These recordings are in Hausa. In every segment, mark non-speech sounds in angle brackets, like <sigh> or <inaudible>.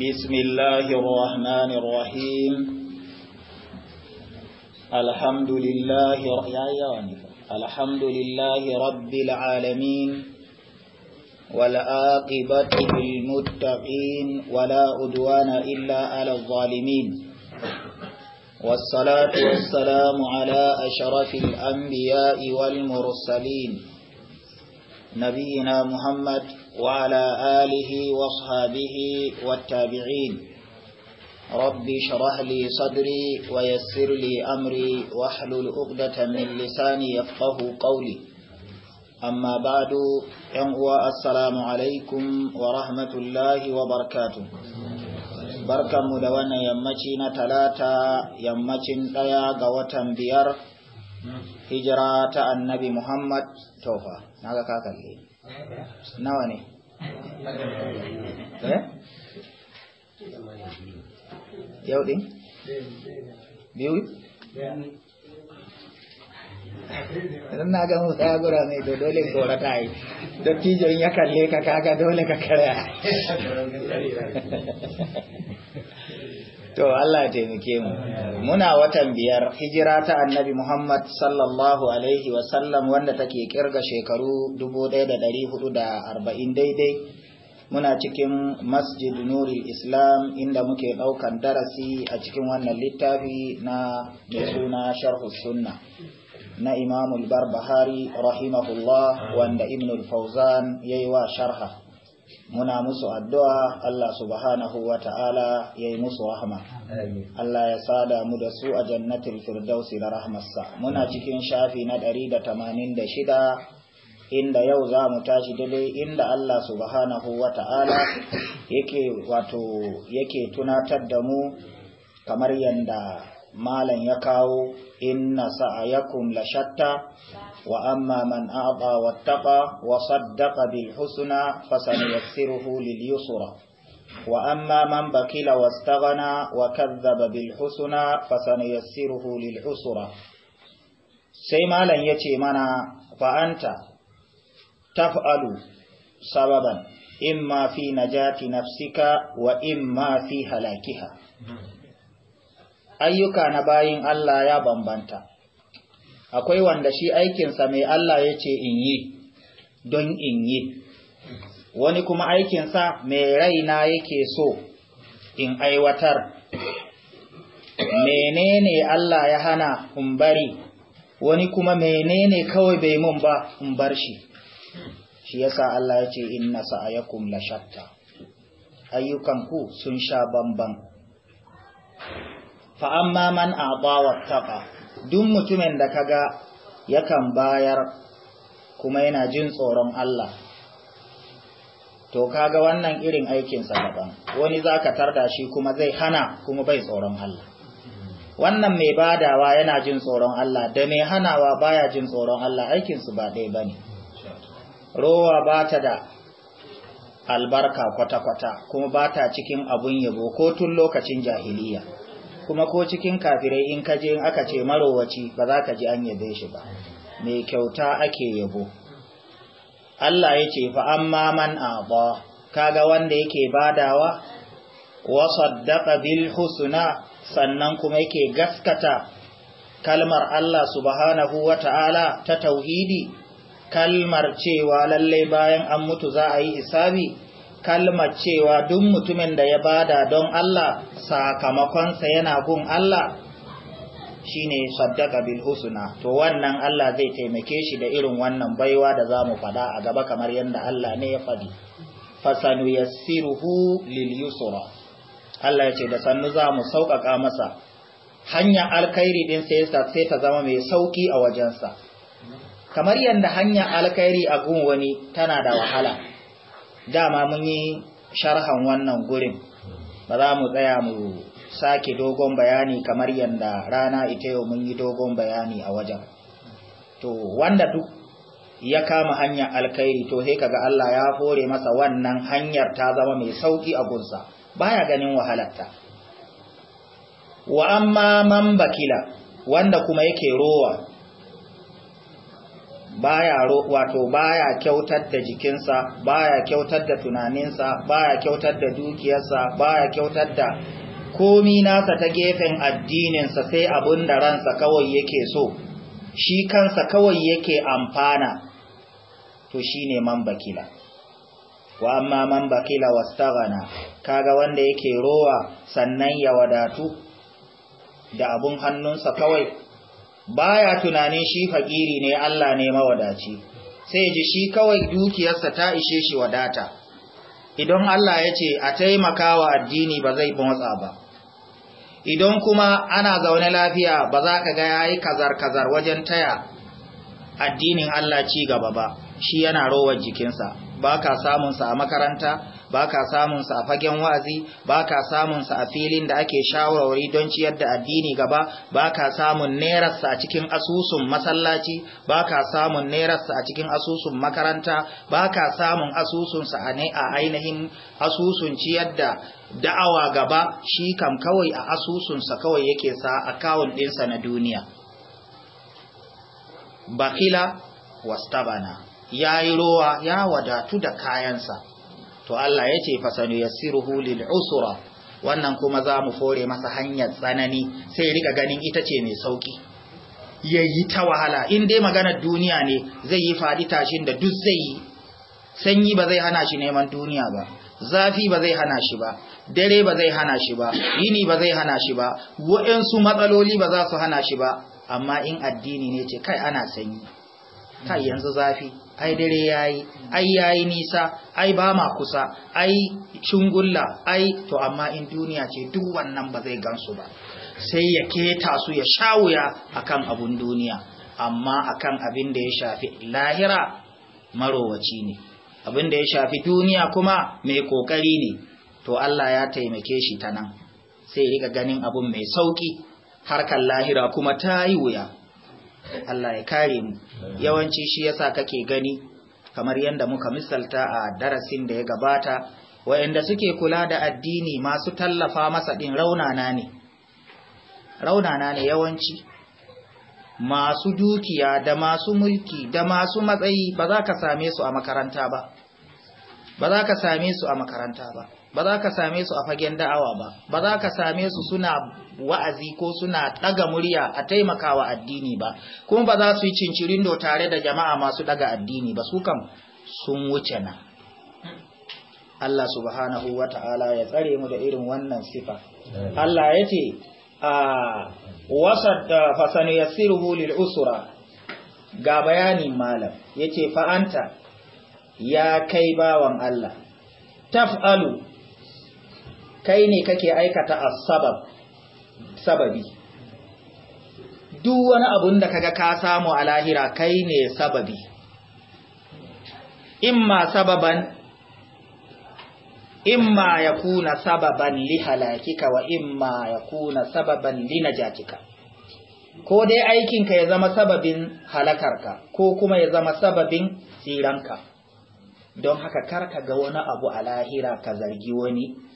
بسم الله الرحمن الرحيم الحمد لله يا يعني الحمد لله رب العالمين والعاقبة للمتقين ولا عدوان إلا على الظالمين والصلاة والسلام على أشرف الأنبياء والمرسلين نبينا محمد وعلى آله واصحابه والتابعين رب شرح لي صدري ويسر لي أمري واحلل عقدة من لساني يفقه قولي أما بعد ينقوى السلام عليكم ورحمة الله وبركاته barkanmu da wannan yammaci na talata yammacin ɗaya ga watan biyar hijira ta annabi muhammad tofa na ga kakalli nawa ne eh? yau ɗin biyu idan na ga musa ya gura ne to dole tsorata yi dattijon ya kalle ka kaga dole ka karya to Allah ya taimake mu muna watan biyar hijira ta annabi Muhammad sallallahu alaihi wa sallam wanda take kirga shekaru 1440 daidai muna cikin masjid nuri islam inda muke ɗaukan darasi a cikin wannan littafi na mai suna sharhu sunna na imamul barbahari rahimahullah wanda ibnul fauzan yayi wa sharha muna musu addu'a Allah subhanahu wa ta'ala ya yi musu rahama. Allah ya sada mu da su a jannatin firdausi da rahmarsa. Muna cikin shafi na ɗari da tamanin da shida inda yau za mu tashi daidai inda Allah subhanahu wa ta'ala yake wato yake tunatar da mu kamar yadda malam ya kawo inna sa'ayakum la shatta wa amma man a'ta wattaqa wa saddaqa bil husna fasanuyassiruhu lil yusra wa amma man bakila wastaghana wa kadzdzaba bil husna fasanuyassiruhu lil usra sai malan yace mana fa anta taf'alu sababan imma fi najati nafsika wa imma fi halakiha ayyuka na bayin Allah ya bambanta akwai wanda shi aikinsa mai Allah ya ce in yi don in yi wani kuma aikinsa mai raina yake so in aiwatar menene Allah ya hana in bari wani kuma menene kawai bai mun ba in bar shi shi yasa Allah ya ce inna sa'ayakum la shatta ayyukanku sun sha bamban fa amma man a'ta taɓa. duk mutumin da kaga yakan bayar kuma yana jin tsoron Allah to kaga wannan irin aikinsa daban wani zaka tarda shi kuma zai hana kuma bai tsoron Allah wannan mai badawa yana jin tsoron Allah da mai hanawa baya jin tsoron Allah aikin su ba ɗaya bane rowa ba ta da albarka kwata-kwata kuma ba ta cikin abun yabo ko tun lokacin jahiliya kuma ko cikin kafirai in kaje in aka ce marowaci ba za ka ji an yabe shi ba mai kyauta ake yabo Allah ya ce fa amma man aba kaga wanda yake badawa wa saddaqa bil husna sannan kuma yake gaskata kalmar Allah subhanahu ta'ala ta tauhidi kalmar cewa lalle bayan an mutu za a yi hisabi kalma cewa duk mutumin da ya bada don Allah sakamakonsa yana gun Allah shine saddaka bil husna to wannan Allah zai taimake shi da irin wannan baiwa da zamu fada a gaba kamar yadda Allah ne ya fadi fasanu yassiruhu lil yusra Allah ya ce da sannu zamu sauƙaƙa masa hanya alkhairi din sai ta zama mai sauki a wajensa kamar yadda hanyar alkhairi a gun wani tana da wahala dama mun yi sharhan wannan gurin ba za mu tsaya mu sake dogon bayani kamar yadda rana ita yau mun yi dogon bayani a wajen to wanda duk ya kama hanyar alkhairi to sai kaga Allah ya fore masa wannan hanyar ta zama mai sauki a gunsa baya ganin wahalarta wa amma man bakila wanda kuma yake rowa baya wato baya kyautar da jikinsa baya kyautar da tunaninsa baya kyautar da dukiyarsa baya kyautar da komi nasa ta gefen addininsa sai abin da ransa kawai yake so shi kansa kawai yake amfana to ne man bakila wa amma man bakila kaga wanda yake rowa sannan ya wadatu da abun hannunsa kawai baya tunanin shi fakiri ne Allah ne mawadaci sai ji shi kawai dukiyarsa ta ishe shi wadata idan Allah ya ce a taimakawa addini ba zai motsa ba idan kuma ana zaune lafiya ba za ka ga yayi kazar-kazar wajen taya addinin Allah ci gaba ba shi yana rowar jikinsa ba ka samunsa a makaranta ba ka samunsa a fagen wa'azi ba ka samunsa a filin da ake shawarwari don ciyar da addini gaba ba ka samun nerarsa a cikin asusun masallaci ba ka samun nerarsa a cikin asusun makaranta ba ka samun asusunsa a ainihin asusun ciyar da da'awa gaba shi kam kawai a asusunsa kawai yake sa akawun ɗinsa na duniya bakila wastabana ya yi rowa ya wadatu da kayansa to Allah ya ce fasanu yassiruhu lil usra wannan kuma za mu fore masa hanyar tsanani sai rika ganin ita ce mai sauki yayi ta wahala in dai maganar duniya ne zai yi faɗi tashin da duk zai yi sanyi ba zai hana shi neman duniya ba zafi ba zai hana shi ba dare ba zai hana shi ba yini ba zai hana shi ba wa'yansu matsaloli ba za su hana shi ba amma in addini ne ce kai ana sanyi kai yanzu zafi ai dare yayi ai yayi nisa ai ba ma kusa ai cungulla ai to amma in duniya ce duk wannan ba zai gansu ba sai ya keta su ya shawuya akan abun duniya amma akan abin da ya shafi lahira marowaci ne abin da ya shafi duniya kuma mai kokari ne to Allah ya taimake shi ta nan sai riga ganin abun mai sauki harkar lahira kuma ta yi wuya Allah ya kare mu yawanci shi yasa kake gani kamar yadda muka misalta a darasin da ya gabata wa'anda suke kula da addini masu tallafa masa din raunana ne raunana ne yawanci masu dukiya da masu mulki da masu matsayi ba za ka same su a makaranta ba ba za ka same su a makaranta ba ba za ka same su a fagen da'awa ba ba za ka same su suna wa'azi ko suna ɗaga murya a taimakawa addini ba kuma ba za su yi cincirindo tare da jama'a masu ɗaga addini ba su kam sun wuce na Allah subhanahu wa ya tsare mu da irin wannan sifa Allah ya ce a wasat fasanu yassiruhu lil usra ga bayanin malam yace fa'anta ya kai bawan Allah taf'alu kai ne kake aikata a sabab sababi duk wani abun da kaga ka samu a lahira kai ne sababi imma sababan imma ya kuna sababan li halakika wa imma ya kuna sababan li najatika ko dai aikinka ya zama sababin halakarka ko kuma ya zama sababin tsiranka don haka karka ga wani abu a lahira ka zargi wani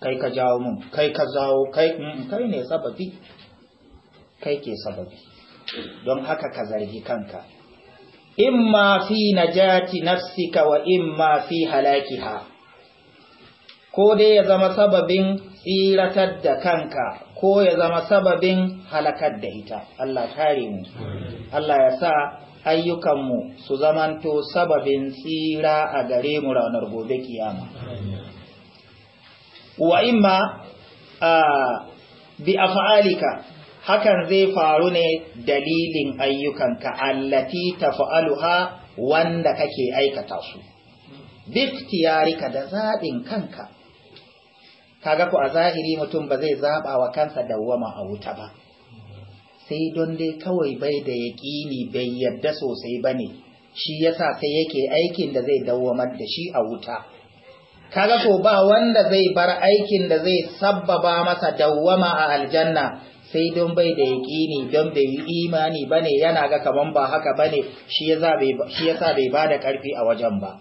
kai ka jawo mun kai ka zawo kai mm, kai ne sababi kai ke sababi don haka ka zargi kanka imma fi najati nafsika wa imma fi halakiha ko dai ya zama sababin tsiratar da kanka ko ya zama sababin halakar da ita Allah kare mu Allah ya sa ayyukanmu su zamanto sababin tsira a gare mu ranar gobe kiyama wa imma bi fa'alika, hakan zai faru ne dalilin ayyukanka allati taf'aluha wanda kake aikata su ya rika da zaɗin kanka kaga ku a zahiri mutum ba zai zaɓa wa kansa dawwama a wuta ba sai don dai kawai bai da yaƙini bai yadda sosai ba ne, shi yasa sai yake aikin da zai dawwamar da shi a wuta kaga ko ba wanda zai bar aikin da zai sabbaba masa dawwama a aljanna sai don bai da yaƙini don bai yi imani bane yana ga kaman ba haka bane shi yasa bai shi da bai bada karfi a wajen ba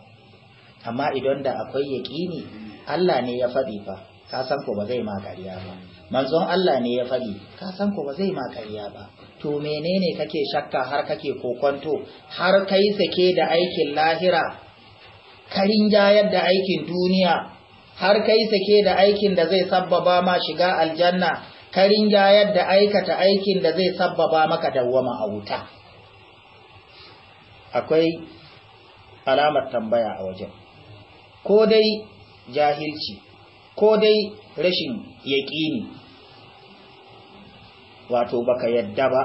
amma idan da akwai yaƙini Allah ne ya faɗi fa ka san ko ba zai ma ƙarya ba manzon Allah ne ya faɗi ka san ko ba zai ma ƙarya ba to menene kake shakka har kake kokonto har kai sake da aikin lahira karin jayar da aikin duniya har kai sake da aikin da zai sabbaba ma shiga aljanna karin jayar da aikata aikin da zai sabbaba maka dawwama a wuta akwai alamar tambaya a wajen ko dai jahilci ko dai rashin yaƙini wato baka yadda ba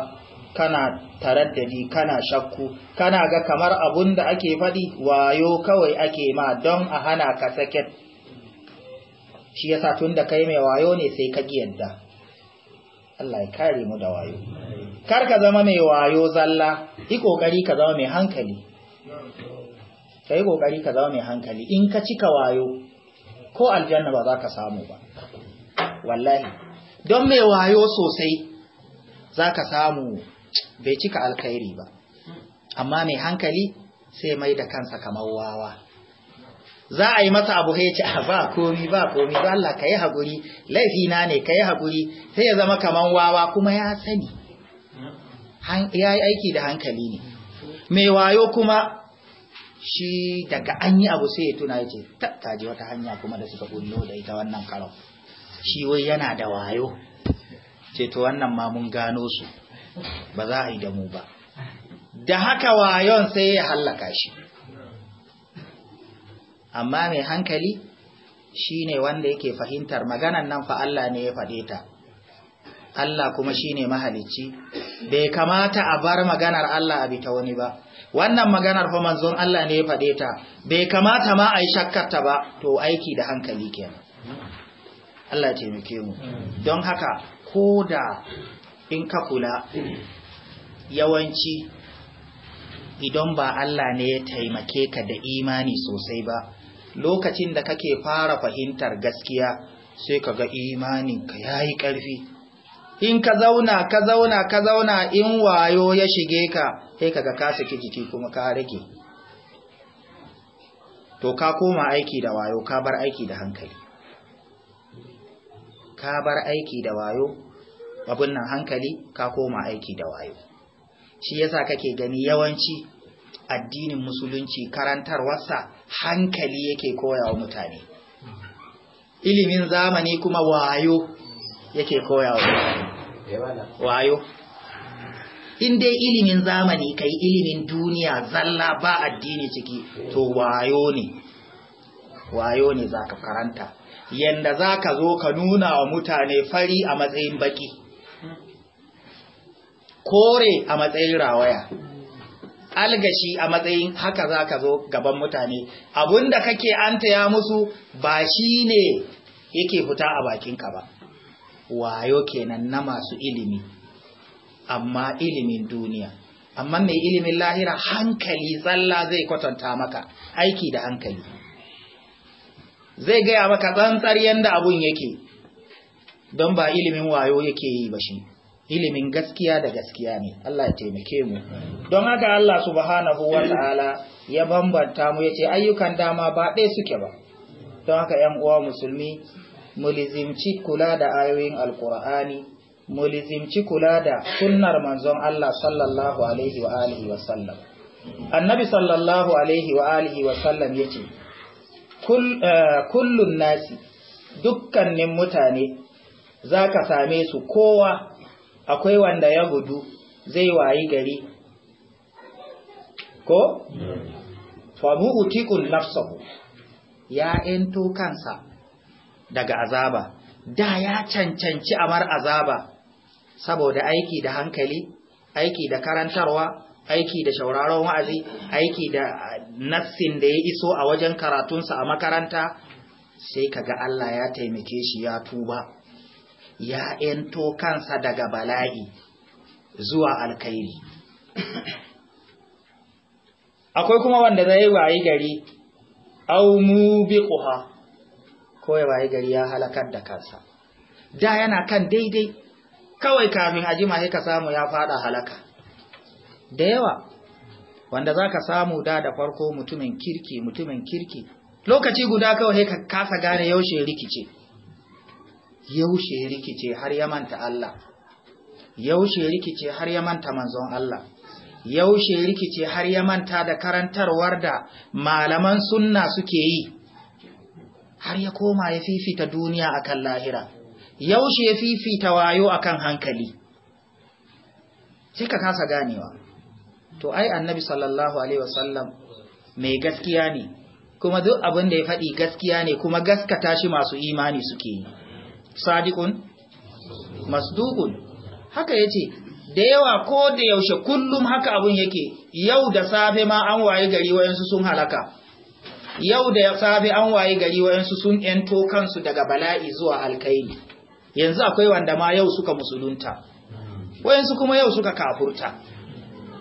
kana taraddadi kana shakku kana ga kamar abun da ake faɗi wayo kawai ake ma don a hana ka saket shi yasa tun da kai mai wayo ne sai ka yadda Allah ya kare mu da wayo kar ka zama mai wayo zalla yi kokari ka zama mai hankali ka yi kokari ka zama mai hankali in ka cika wayo ko aljanna ba za ka samu ba wallahi don mai wayo sosai za ka samu bai cika alkhairi ba amma mai hankali sai mai da kansa kamar wawa za a yi masa abu ya ce ah, ba komi ba komi ba Allah ka yi haƙuri laifina ne ka yi sai ya zama kamar wawa kuma ya sani ya yi aiki da hankali ne mai wayo kuma shi daga an yi abu sai ya tuna ya ce ta je wata hanya kuma da suka bullo da ita wannan karo shi wai yana da wayo ce to wannan ma mun gano su ba za a yi da mu ba da haka wayon sai ya hallaka shi amma mai hankali shine wanda yake fahimtar maganan nan fa Allah ne ya faɗe ta Allah kuma shine mahalicci bai kamata a bar maganar Allah a bita wani ba wannan maganar fa manzon Allah ne ya faɗe ta bai kamata ma a yi shakkarta ba to aiki da hankali kenan Allah ya taimake mu don haka ko da in ka kula yawanci idan ba Allah ne ya taimake ka da imani sosai ba lokacin da kake fara fahimtar gaskiya sai ka ga imaninka ya yi ƙarfi in ka zauna ka zauna ka zauna in wayo ya shige ka sai ka ga ka jiki kuma ka rage to ka koma aiki da wayo ka bar aiki da hankali ka bar aiki da wayo abun nan hankali ka koma aiki da wayo shi yasa kake gani yawanci addinin musulunci karantarwarsa hankali yake koya mutane ilimin zamani kuma wayo yake koya mutane wayo in dai ilimin zamani kai ilimin duniya zalla ba addini ciki to wayo ne wayo ne za ka karanta yanda za ka zo ka nuna wa mutane fari a matsayin baki kore a matsayin rawaya algashi a matsayin haka za ka zo gaban mutane abun abinda kake antaya musu ba shi ne yake fita a bakinka ba wayo kenan na masu ilimi amma ilimin duniya amma mai ilimin lahira hankali tsalla zai kwatanta maka aiki da hankali zai gaya maka tsantsar yadda abun yake don ba ilimin wayo yake yi ba shi ilimin gaskiya da gaskiya ne Allah ya taimake mu don haka Allah subhanahu wa ta'ala ya bambanta mu yace ayyukan dama ba ɗaya suke ba don haka ƴan uwa musulmi mulizimci kula da ayoyin alqur'ani mulizimci kula da sunnar manzon Allah sallallahu alaihi wa alihi wa sallam annabi sallallahu alaihi wa alihi wa sallam yace eh, kullun nasi dukkanin mutane zaka same su kowa akwai wanda ya gudu zai wayi gari ko? famu utikun nafsahu ya ento kansa daga azaba da ya cancanci amar azaba saboda aiki da hankali aiki da karantarwa aiki da shauraron wa'azi aiki da nafsin da ya iso a wajen karatunsa a makaranta sai kaga Allah ya taimake shi ya tuba ya ‘yanto kansa daga bala'i zuwa alkhairi. Akwai kuma wanda zai wayi gari, au mu bi ƙuha, ko ya wayi gari ya halakar da kansa. Da yana kan daidai, kawai kafin ajima sai ka samu ya fada halaka. Da yawa, wanda za ka samu da da farko mutumin kirki, mutumin kirki, lokaci guda kawai ka kasa gane yaushe rikice. yaushe ya rikice har ya manta Allah yaushe ya rikice har ya manta manzon Allah yaushe ya rikice har ya manta da karantarwar da malaman sunna suke yi har ya koma ya fifita duniya akan lahira yaushe ya fifita wayo akan hankali cika kasa ganewa to ai annabi sallallahu alaihi wasallam mai gaskiya ne kuma duk abin da ya faɗi gaskiya ne kuma gaskata shi masu imani suke yi sadiqun masduqun haka yace da yawa ko da yaushe kullum haka abun yake yau da safe ma an waye gari wayansu sun halaka yau da safe an waye gari wayansu sun ento kansu daga bala'i zuwa alkhairi yanzu akwai wanda ma yau suka musulunta wayansu kuma yau suka kafurta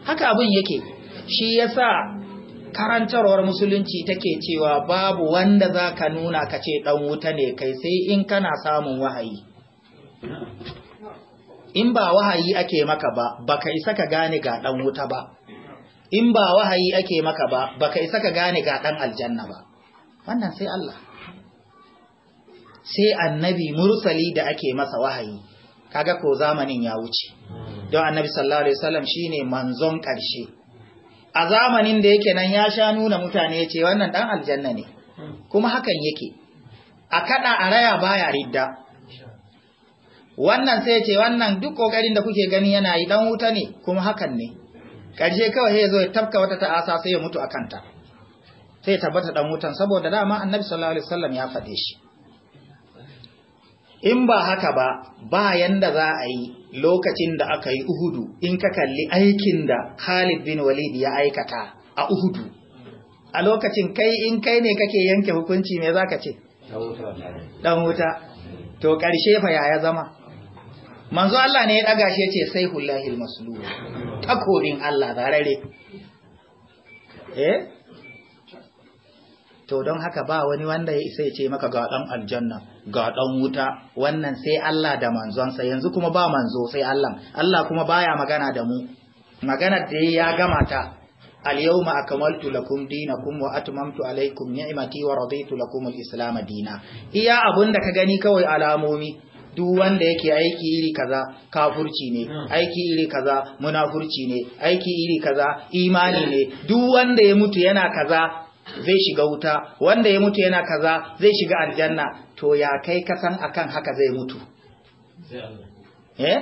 haka abun yake shi yasa karantarwar musulunci take cewa babu wanda za ka nuna ka ce ɗan wuta ne kai sai in kana samun wahayi in ba wahayi ake maka ba baka isa ka gane ga ɗan wuta ba in ba wahayi ake maka ba baka isa ka gane ga ɗan aljanna ba wannan sai Allah sai annabi mursali da ake masa wahayi kaga ko zamanin ya wuce don annabi sallallahu alaihi wasallam shine manzon ƙarshe a zamanin da yake nan ya sha nuna mutane ce wannan dan aljanna ne kuma hakan yake a kaɗa a raya baya ridda wannan sai ce wannan duk kokarin da kuke gani yana yi dan wuta ne kuma hakan ne karshe kawai sai zo ya tafka wata ta'asa sai ya mutu a kanta sai tabbata ɗan wutan saboda dama annabi sallallahu alaihi wasallam ya faɗe shi in ba haka ba ba yanda za a yi lokacin da aka yi uhudu in ka kalli aikin da Khalid bin Walid ya aikata a uhudu a lokacin kai in kai ne kake yanke hukunci me zaka ce dan wuta to karshe fa ya zama manzo Allah ne ya daga shi yace sai hullahil maslul takobin Allah zarare eh to don haka ba wani wanda ya isa ya ce maka ga dan aljanna ga dan wuta wannan sai Allah da manzonsa yanzu kuma ba manzo sai Allah Allah kuma baya magana da mu magana da ya gama ta dinakum wa atmamtu alaykum ni'mati wa raditu lakum al islam دينا iya abunda ka gani kawai alamomi. duk wanda yake aiki iri kaza kafurci ne aiki iri kaza munafurci ne aiki iri kaza imani ne duk wanda ya mutu yana kaza zai shiga wuta wanda ya mutu yana kaza zai shiga aljanna to ya kai kasan akan haka zai mutu eh?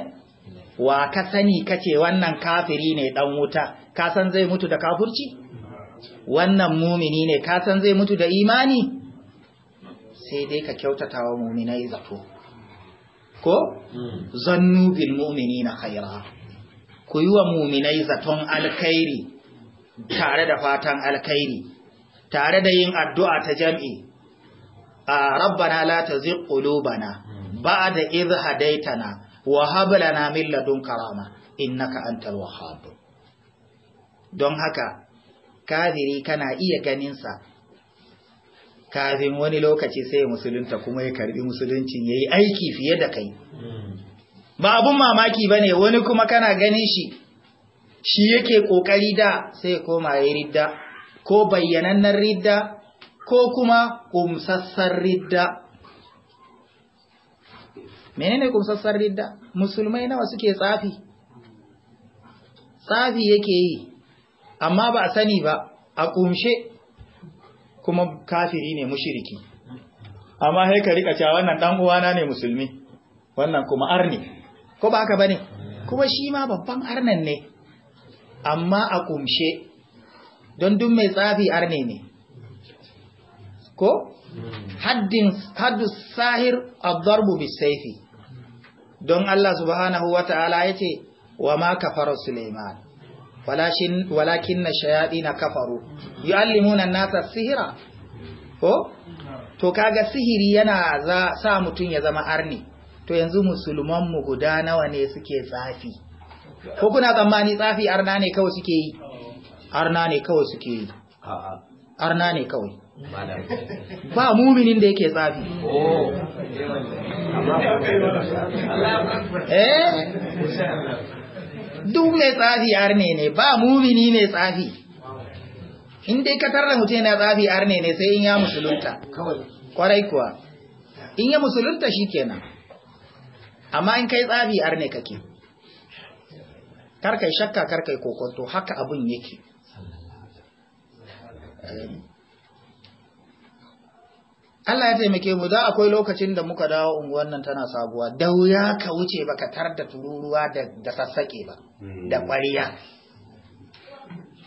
wa ka sani kace wannan kafiri ne dan wuta ka san zai mutu da kafurci wannan mumini ne ka san zai mutu da imani sai dai ka kyautatawa muminai zato ko hmm. zannu bil mu'minina khaira ku yi wa muminai zaton alkhairi tare da fatan alkhairi tare da yin addu'a ta jam'i a rabbana la tazigh qulubana da idh hadaitana wa hab lana min karama.' innaka antal wahhab don haka kafiri kana iya ganinsa. kafin wani lokaci sai musulunta kuma ya karbi musuluncin yayi aiki fiye da kai ba abun mamaki bane wani kuma kana ganin shi shi yake kokari da sai koma yayi ridda ko bayyanannen ridda ko kuma kumsassar ridda menene kumsassar ridda musulmai nawa suke tsafi tsafi yake yi amma ba a sani ba a kumshe kuma kafiri ne mushiriki amma haikari ka cewa wannan dan uwana ne musulmi wannan kuma arni ko ba haka bane kuma shi ma babban arnan ne amma a kumshe don duk mai tsafi arne ne ko hmm. haddin haddu sahir ad-darbu bis-sayfi don Allah subhanahu ta'ala yace wa ma kafara Sulaiman walakin walakin ash-shayatin kafaru yu'allimuna an-nasa sihira ko to kaga sihiri yana za sa mutun ya zama arne? to yanzu musulman mu guda nawa ne suke tsafi ko kuna tsammani tsafi arna ne kawai suke yi arna ne kawai suke yi arna ne kawai ba muminin da yake tsafi oh. eh duk mai tsafi arne ne ba mumini mai tsafi in dai ka tarra mutum yana tsafi arne ne sai in ya musulunta kwarai kuwa in ya musulunta shi kenan amma in kai tsafi arne kake karkai shakka karkai kokonto haka abun yake Allah ya taimake mu da akwai lokacin da muka dawo unguwan nan tana sabuwa da wuya ka wuce baka tar da tururuwa da da sassaƙe ba da mm. ƙwariya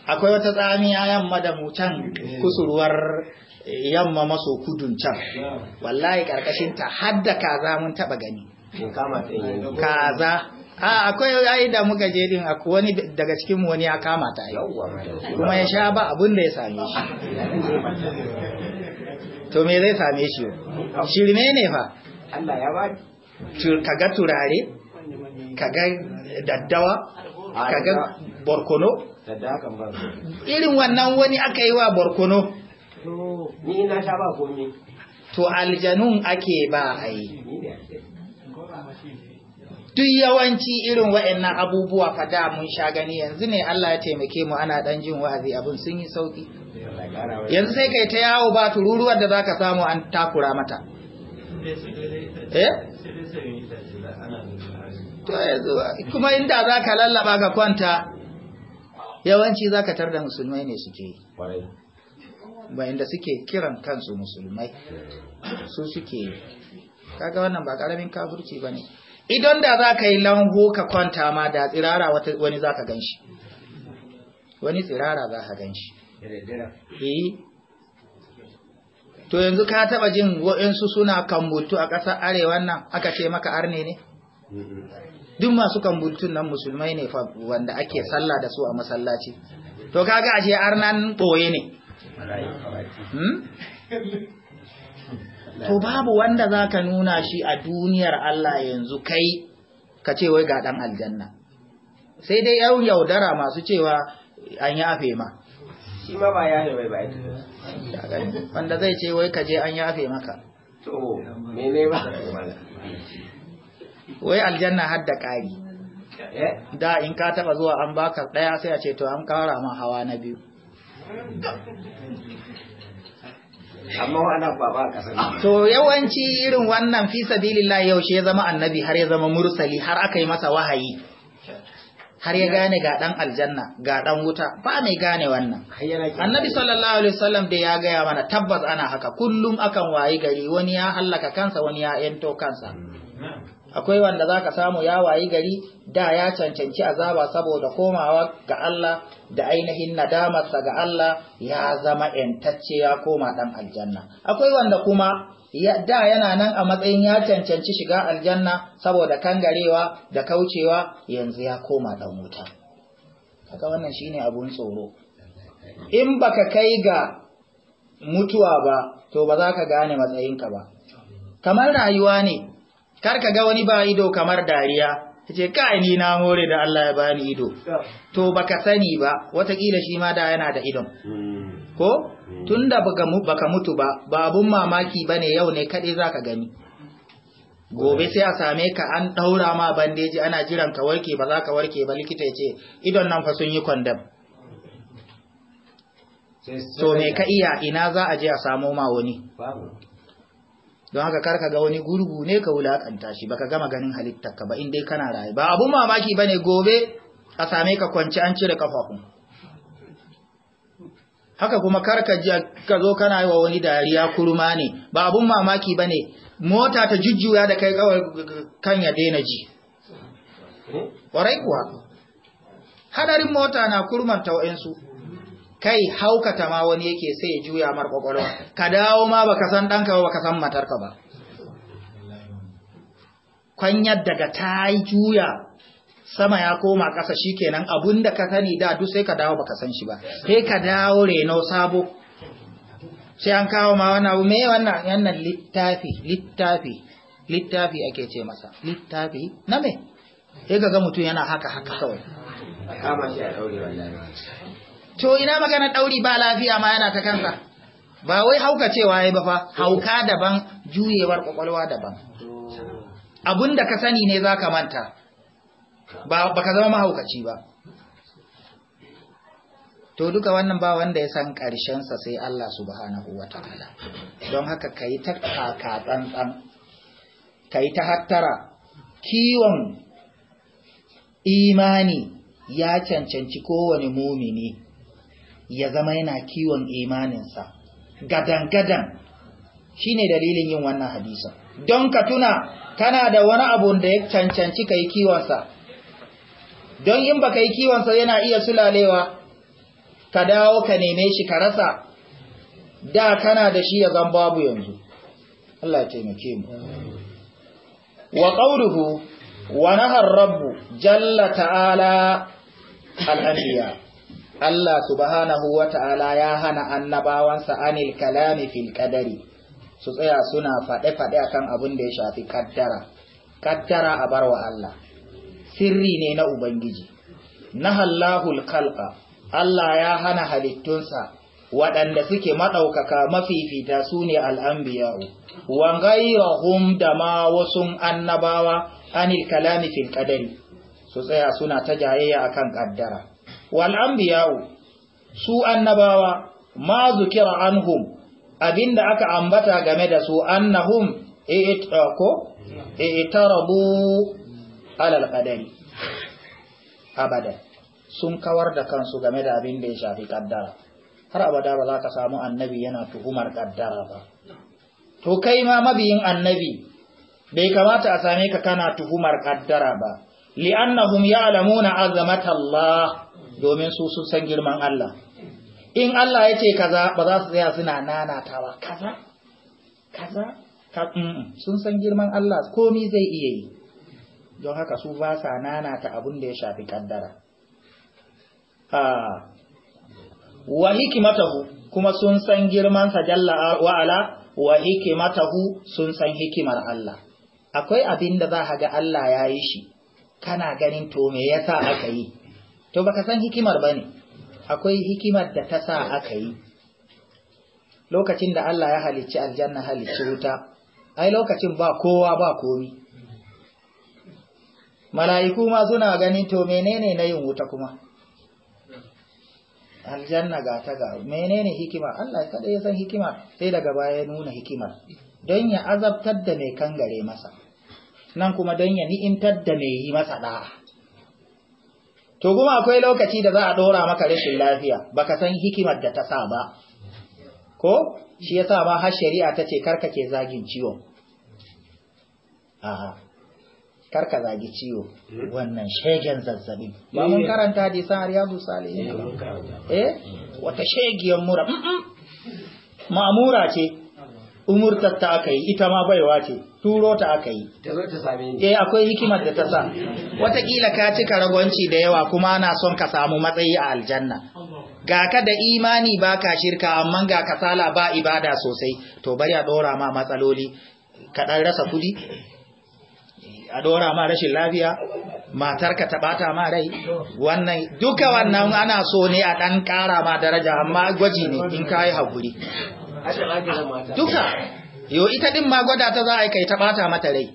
akwai wata tsamiya yamma da mu can mm. kusurwar eh, yamma maso kudun can wallahi karkashin ta hadda kaza mun taba gani kaza a akwai ai da muka je din akwai wani daga cikin mu wani ya kama ta yi kuma ya sha ba abin da ya same shi to me zai same shi shirme ne fa Allah ya ba kaga turare kaga daddawa kaga borkono irin wannan wani aka yi wa borkono ni na sha ba komai to aljanun ake ba ai duk yawanci irin wa'annan abubuwa fa da mun sha gani yanzu ne Allah ya taimake mu ana dan jin wa'azi abun sun yi sauki yanzu sai kai ta yawo ba tururuwar da zaka samu an takura mata eh to yanzu kuma inda zaka lallaba ka kwanta yawanci zaka tarda musulmai ne suke yi ba inda suke kiran kansu musulmai su suke kaga wannan ba karamin kafirci bane idan da za ka yi lango ka kwanta ma da tsirara wani za ka gan shi wani tsirara za ka gan shi eh. to yanzu ka taba jin waɗansu suna kambutu a ƙasar arewan nan aka ce maka arne ne duk masu kambutun nan musulmai ne wanda ake sallah da su a masallaci to kaga ashe arnan ɓoye ne hmm? <laughs> to babu wanda za ka nuna shi a duniyar Allah yanzu kai ka ce wai ga ɗan aljanna sai dai yau yaudara masu cewa an yafe ma shi ma ba yi mai ba wanda zai ce wai ka je an yafe maka to mene ba wai aljanna har da ƙari eh? da in ka taba zuwa an baka daya sai a ce to an ƙara ma hawa na biyu amma ana baba a kasar to yawanci irin wannan fi sabilillah yaushe ya zama annabi har ya zama mursali har aka yi masa wahayi har ya gane ga dan aljanna ga dan wuta ba mai gane wannan annabi sallallahu alaihi wasallam da ya gaya mana tabbas ana haka kullum akan wayi gari wani ya hallaka kansa wani ya yanto kansa hmm. akwai wanda za ka samu ya wayi gari da ya cancanci azaba saboda komawa ga Allah da ainihin nadamarsa ga Allah ya zama ‘yantacce ya koma ɗan aljanna. Akwai wanda kuma da yana nan a matsayin ya cancanci shiga aljanna saboda kangarewa da kaucewa yanzu ya koma ɗan wuta. Kaga wannan shine abun tsoro. In baka kai ga mutuwa ba, to ba za ka gane matsayinka ba. Kamar rayuwa ne, kar ka ga wani ba ido kamar dariya ce kai ni na more da Allah ya bani ido to baka sani ba watakila shi ma da yana da idon hmm. ko hmm. tun da baka mutu ba babun mamaki ba ne yau ne kade zaka gani gobe sai a same ka an daura ma bandeji ana jiran ka warke ba za ka warke ba likita ya ce idon nan fa sun yi kwandam to me ka iya ina za a je a samo ma wani don haka karka ga wani gurgu ne ka wulakanta shi baka gama ganin halittarka ba indai kana raye ba abun mamaki bane gobe a same ka kwanci an cire kafafun haka kuma karka ka zo kana yi wa wani dariya kurma ne ba abun mamaki bane mota ta jujjuya da kai kawai kan ya daina ji warai kuwa hadarin mota na kurmanta wa'insu kai haukata ma wani yake sai ya juya mar kwakwalwa ka dawo ma baka san ɗanka ba baka san matarka ba kwanyar daga ta yi juya sama ya koma ƙasa shikenan kenan, abunda ka sani da duk sai ka dawo baka san shi ba sai ka dawo reno sabo sai an kawo ma wani abu me wannan yannan littafi littafi littafi ake ce masa littafi na me sai ga mutum yana haka haka kawai to ina magana ɗauri ba lafiya ma yana ta kansa ba wai hauka cewa ya ba hauka daban juyewar kwakwalwa daban Abun da ka sani ne zaka manta ba ka zama mahaukaci ba to duka wannan ba wanda ya san ƙarshensa sai Allah subhanahu wa ta'ala don haka ka yi takaka tsantsan ka yi ta hattara kiwon imani ya cancanci kowane mumini ya zama yana kiwon imaninsa gadan-gadan shi ne dalilin yin wannan hadisa don ka tuna kana da wani abu da ya cancanci ka yi kiwonsa don in ba ka yi kiwonsa yana iya sulalewa ka dawo ka neme shi ka rasa da kana da shi ya zan babu yanzu Allah ya taimake mu wa qawluhu wa nahar rabbu jalla ta'ala al-anbiya Allah subhanahu wa ta'ala ya hana annabawansa anil kalami fil kadari su tsaya suna faɗe-faɗe akan abin da ya shafi kaddara kaddara a barwa Allah sirri ne na ubangiji nahallahul khalqa Allah ya hana halittunsa waɗanda suke maɗaukaka mafifita su ne al'ambiya'u, wangairahum da ma wasu annabawa anil kalami fil su tsaya suna ta jayayya akan kan ƙaddara. wal su annabawa ma zukira anhum abinda aka ambata game da su annahum uh, ko itarabu alal qadari abada sun kawar da kansu game da abin da ya shafi kaddara har abada ba za ka samu annabi yana tuhumar ƙaddara ba to kai ma mabiyin annabi bai kamata a same ka kana tuhumar ƙaddara ba li'annahum ya'lamuna azamata Allah domin su sun san girman Allah in Allah ya ce kaza ba za su tsaya suna nanatawa kaza kaza sun san girman Allah komi zai iya yi don haka su ba sa nanata abin da ya shafi kaddara ah, wa hikimatahu kuma sun san girmansa jalla ah, wa'ala wa hikimatahu sun san hikimar Allah akwai abin da za ga Allah ya yi shi kana ganin to me yasa aka yi to baka san hikimar bane akwai hikimar da ta sa aka yi lokacin da Allah ya halicci aljanna halicci wuta ai lokacin ba kowa ba komi mala'iku ma suna ganin to menene na yin wuta kuma aljanna ga ta ga menene hikima Allah kada ya san hikima sai daga baya ya nuna hikimar don ya azabtar da mai kangare masa nan kuma don ya ni'imtar da mai yi masa da'a to kuma akwai lokaci da za a dora maka rashin lafiya baka san hikimar da ta sa ba ko shi yasa ba har shari'a ta ce karka ke zagin ciwo aha karka zagi ciwo wannan shegen zazzabi ba mun eh. karanta da san riyadu salihin eh, eh? wata shegiyan mura ma'amura ce umurtar ta aka yi ita ma baiwa ce turo ta aka yi eh akwai hikimar da ta sa watakila ka cika ragonci da yawa kuma ana son ka samu matsayi a aljanna ga ka da imani ba ka shirka amma ga kasala ba ibada sosai to bari a dora ma matsaloli ka dan rasa kudi a dora ma rashin lafiya matarka ta bata ma rai wannan duka wannan ana so ne a dan kara ma daraja amma gwaji ne in kai hakuri duka yau ita ɗin ma gwada ta za a yi kai ta ɓata mata rai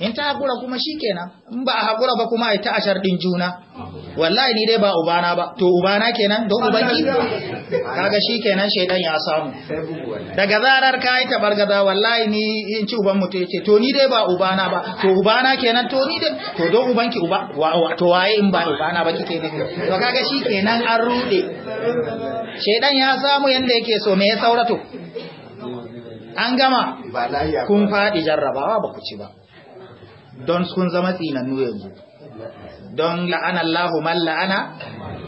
in ta haƙura kuma shi kenan in ba a haƙura ba kuma a ta ashar ɗin juna wallahi ni dai ba ubana ba to ubana kenan don ubanki kaga shi kenan shaidan ya samu daga zarar ka yi tabargaza wallahi ni in ci uban mutu yace to ni dai ba ubana ba to ubana kenan to ni dai to don ubanki uba to waye in ba ubana ba kike ne to kaga shi kenan an rude shaidan ya samu yanda yake so me ya saurato an gama kun faɗi jarrabawa ba ku ci ba don sun zama tsinannu yanzu don la'ana Allahu man la'ana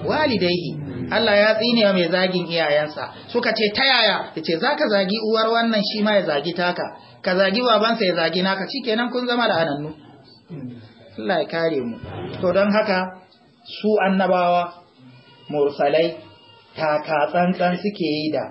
walidaihi Allah ya tsine wa mai zagin iyayensa suka ce ta yaya yace zaka zagi uwar wannan shi ma ya zagi taka ka zagi babansa ya zagi naka shikenan kun zama la'anannu Allah ya kare mu to don haka su annabawa mursalai taka tsantsan suke yi da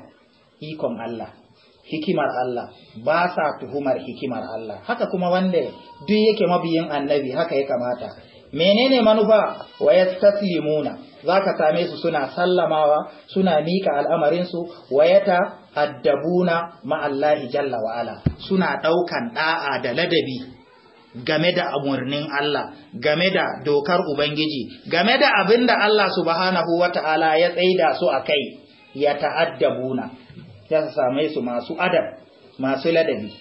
ikon Allah hikimar Allah ba sa tuhumar hikimar Allah haka kuma wanda duk yake mabiyin annabi haka ya kamata menene manufa wa yastaslimuna zaka same su suna sallamawa suna mika al'amarinsu su wayata addabuna ma jalla wa ala suna daukan da'a da ladabi game da amurnin Allah game da dokar ubangiji game da abinda Allah subhanahu wataala ya tsaida su akai ya ta'addabuna ya same su masu adam masu ladabi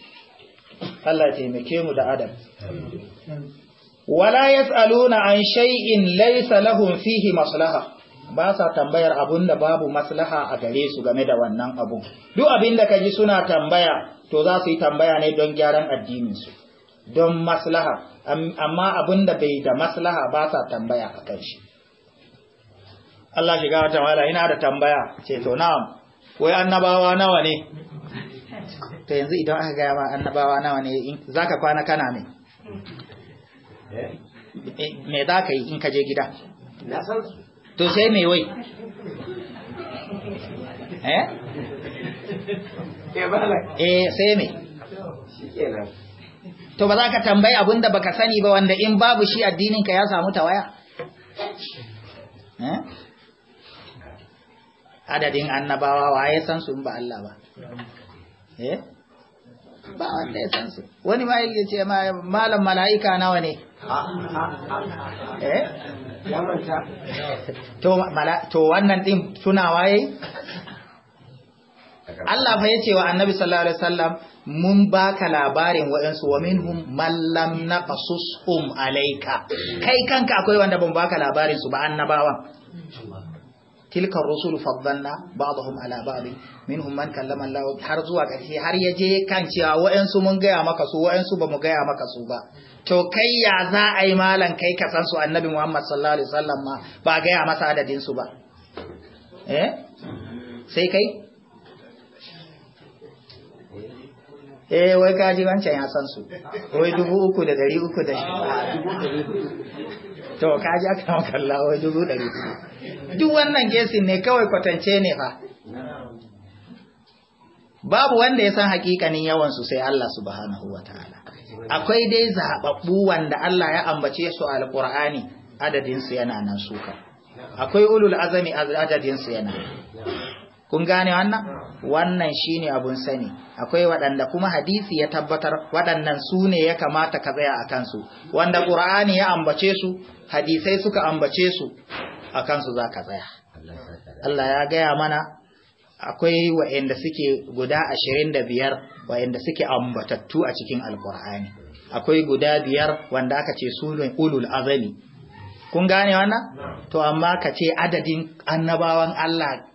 Allah taimake mu da adam wala yas'aluna an shay'in laysa lahum fihi maslaha ba sa tambayar da babu maslaha a gare su game da wannan abun. duk abin abinda kaji suna tambaya to za su yi tambaya ne don gyaran addinin su don maslaha amma da bai da maslaha ba sa tambaya akan shi Allah shiga ta wala ina da tambaya ce to na'am wai annabawa nawa ne to yanzu idan aka gaya ma annabawa nawa ne za ka kwana kana mai eh? me za ka yi in ka je gida to sai me wai eh eh sai me to ba za ka tambayi abinda ba baka sani ba wanda in babu shi addininka ya samu tawaya eh adadin annabawa wa ya san su ba Allah ba eh ba wanda ya san su wani ma yake ce malam mala'ika nawa ne <laughs> eh to mala to wannan din suna waye Allah fa yace wa Annabi sallallahu alaihi wasallam mun baka labarin waɗansu wa minhum man lam um alayka kai kanka akwai wanda ban baka labarin su ba annabawan tilka rusulu faddalna ba'dahum ala ba'd minhum man kallama Allah har zuwa ƙarshe har ya je kan cewa wayansu mun gaya maka su ba mu gaya maka su ba to kai ya za a yi malan kai ka san su annabi Muhammad sallallahu alaihi wasallam ma ba gaya masa adadin su ba eh sai kai eh wai ka ji wancan ya san su wai dubu uku da dari uku da shi ah, to kaji aka maka Allah wai dubu dari uku duk wannan gesi ne kawai kwatance ne fa babu wanda ya san hakikanin yawansu sai Allah subhanahu wa ta'ala akwai dai zaɓaɓɓu wanda Allah ya ambace su alƙur'ani adadinsu yana nan suka akwai ulul azami adadinsu yana kun gane wannan wannan shine abun sani akwai waɗanda kuma hadisi ya tabbatar waɗannan su ne ya kamata ka tsaya a kansu wanda ƙur'ani ya ambace su hadisai suka ambace su a kansu za ka tsaya Allah ya gaya mana akwai wa'inda suke guda ashirin da biyar wa'inda suke ambatattu a cikin alkur'ani akwai guda biyar wanda aka ce sunan ulul azami kun gane wannan to amma ka ce adadin annabawan Allah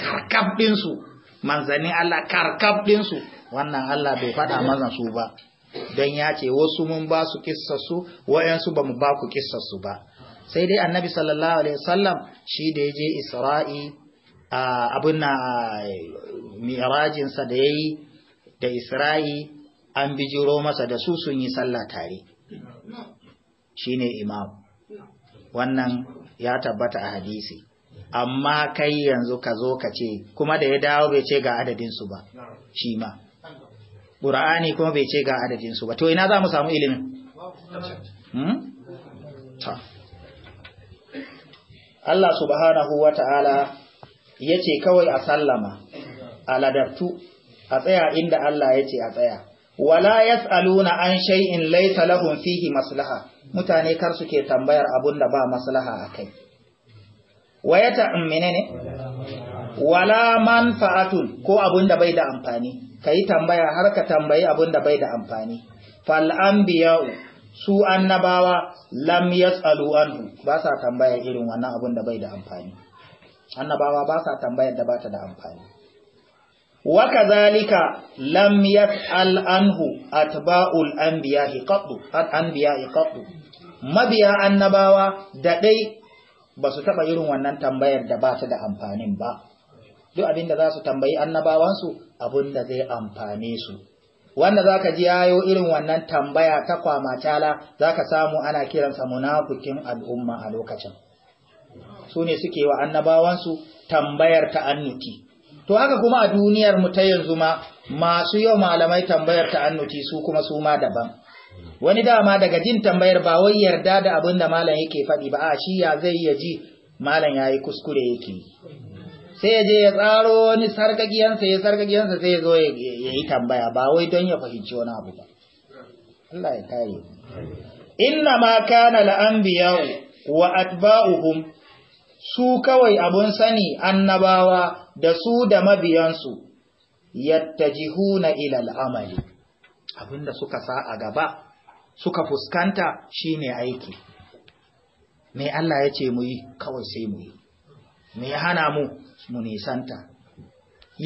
karkab manzannin Allah karkab wannan Allah bai faɗa mana su ba don ya ce wasu mun ba su kissarsu wa'yansu ba mu ba ku ba sai dai annabi sallallahu alaihi wasallam shi da yaje je isra'i abin na sa da yayi da isra'i an bijiro masa da su sun yi sallah tare shi imam wannan ya tabbata a hadisi amma kai yanzu ka zo ka ce kuma da ya dawo bai ce ga adadinsu ba shi ma Al-Qur'ani kuma bai ce ga adadinsu ba to ina za mu samu ilimin? Hmm? ta Allah subhanahu wa ta'ala ya ce kawai a sallama, a a tsaya inda Allah ya ce a tsaya. Wala yas'aluna an shay'in laysa lahum fihi maslaha, mutane kar suke tambayar abun da ba maslaha a kai. ta'ammine ne? Wala manfa'atun ko abun da bai da amfani, ka yi tambaya har ka tambayi abun da bai da amfani. Fal'an biya'u su annabawa lam yas'alu anhu ba sa tambaya irin wannan abin da bai da amfani annabawa ba sa tambayar da bata da amfani wa kadhalika lam yas'al anhu atba'ul anbiya'i qattu qad anbiya'i mabiya annabawa da dai ba su taba irin wannan tambayar da bata da amfanin ba duk abinda za su tambayi annabawansu abinda zai amfane su wanda za ka ji yayo irin wannan tambaya ta za ka samu ana kiransa munafikin al'umma a lokacin su ne suke wa annabawansu tambayar ta'annuti to haka kuma a duniyar mu ta yanzu ma masu yau malamai tambayar ta'annuti su kuma su ma daban wani dama daga jin tambayar ba wai yarda da abin da malam yake faɗi ba a shi ya zai iya ji malam yi kuskure yake sai je ya tsaro wani sarkakiyansa ya sarkakiyansa sai ya zo ya yi tambaya ba wai don ya fahimci wani abu ba Allah ya kare inna ma kana al'anbiya'u wa atba'uhum su kawai abun sani annabawa da su da mabiyansu yadda yattajihuna ila al'amali abinda suka sa a gaba suka fuskanta shine aiki me Allah ya ce mu yi kawai sai mu yi me hana mu Munisanta, nisanta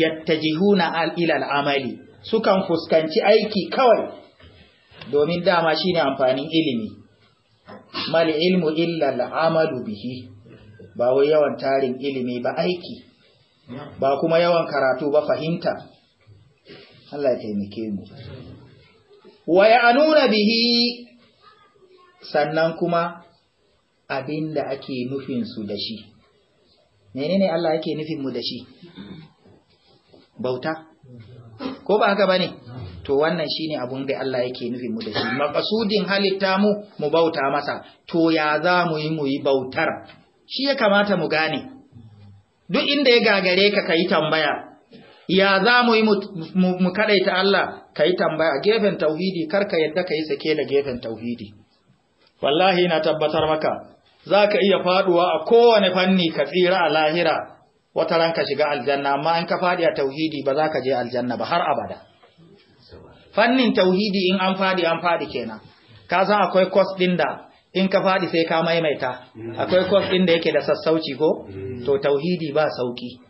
yattajihuna ilal amali sukan fuskanci aiki kawai domin dama shine amfanin ilimi mal ilmu illa al'amalu bihi ba wai yawan tarin ilimi ba aiki ba kuma yawan karatu ba fahimta Allah ya taimake mu wa ya'nuna bihi sannan kuma abinda ake nufin su da shi menene Allah yake nufin mu da shi bauta ko ba haka bane to wannan shine abun da Allah yake nufin mu da shi maqasudin halitta mu mu bauta masa to ya za mu yi mu yi bautar shi ya kamata mu gane duk inda ya gagare ka kai tambaya ya za mu yi mu kadaita Allah kai tambaya gefen tauhidi kar ka yadda kai sake da gefen tauhidi wallahi na tabbatar maka za ka iya faduwa a kowane fanni ka tsira a lahira wata ranka shiga aljanna amma in ka fadi a tauhidi ba za ka je aljanna ba har abada fannin tauhidi in an fadi an fadi kenan ka san akwai course din da in ka fadi sai ka maimaita akwai course din da yake da sassauci ko to tauhidi ba sauki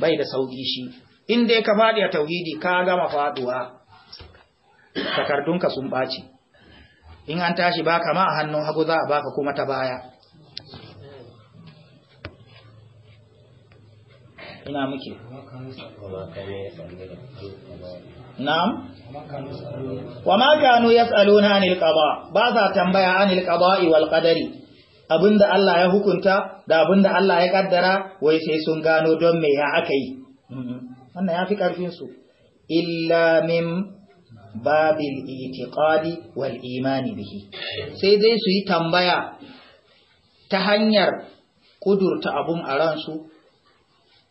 bai da sauki shi in dai ka fadi a tauhidi ka gama faduwa takardunka sun baci in an tashi baka ma a hannun hagu za a baka kuma ta baya ina muke na'am wa ma kanu yas'aluna anil qada ba za tambaya anil iwal ƙadari qadari abinda Allah ya hukunta da abinda Allah ya ƙaddara wai sai sun gano don me ya aka yi wannan ya fi ƙarfinsu illa min babil itiqadi wal imani bihi sai dai su yi tambaya ta hanyar kudurta abun a ransu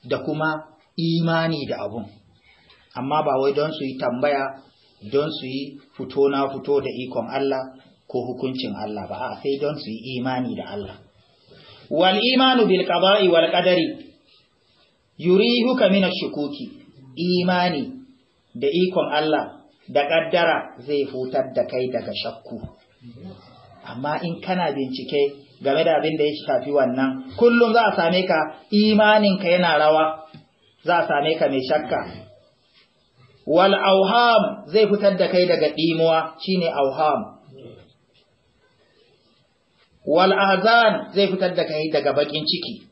da kuma imani da abun amma ba wai don su yi tambaya don su yi fito na fito da ikon Allah ko hukuncin Allah ba a sai don su yi imani da Allah wal imanu bil qada'i wal qadari yurihuka min ash-shukuki imani da ikon Allah da ƙaddara zai hutar da kai daga shakku amma in kana bincike game da abin da ya shafi wannan kullum za a same ka imaninka yana rawa za a same ka mai shakka wal auham zai fitar da kai daga dimuwa shine auham wal azan zai fitar da kai daga bakin ciki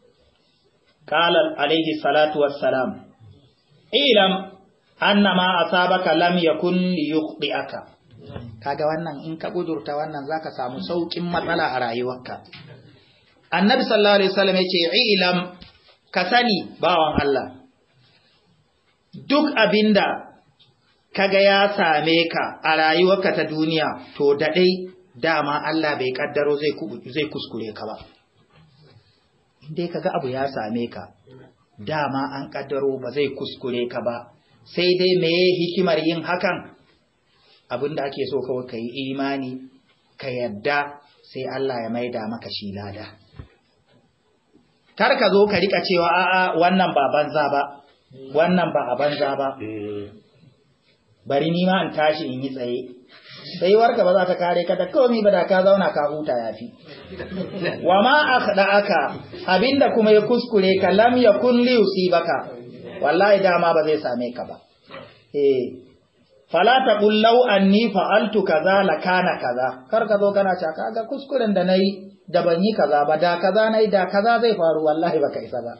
qala alayhi salatu wassalam ilam annama asabaka lam yakun aka. kaga wannan in ka gudurta wannan zaka samu saukin matsala a rayuwarka annabi sallallahu alaihi wasallam yace ilam ka sani bawan Allah duk abinda kaga ya same ka a rayuwarka ta duniya to da dama Allah bai kaddaro zai kuskure ka ba indai kaga abu ya same ka dama an kaddaro ba zai kuskure ka ba sai dai meye hikimar yin hakan abinda ake so kawai ka yi imani ka yadda sai Allah ya maida maka shi lada kar ka zo ka rika cewa a'a wannan ba banza ba wannan ba a banza ba bari ni ma in tashi in yi tsaye sai warka ba za ta kare ka da komai ba da ka zauna ka huta yafi wa ma akhda'aka abinda kuma ya kuskure ka lam yakun li yusibaka wallahi dama ba zai same ka ba eh fala ta qullau anni fa'altu kaza la kana kaza kar ka zo kana cewa kaga kuskuren da nayi da ban yi kaza ba da kaza nayi da kaza zai faru wallahi baka isa ba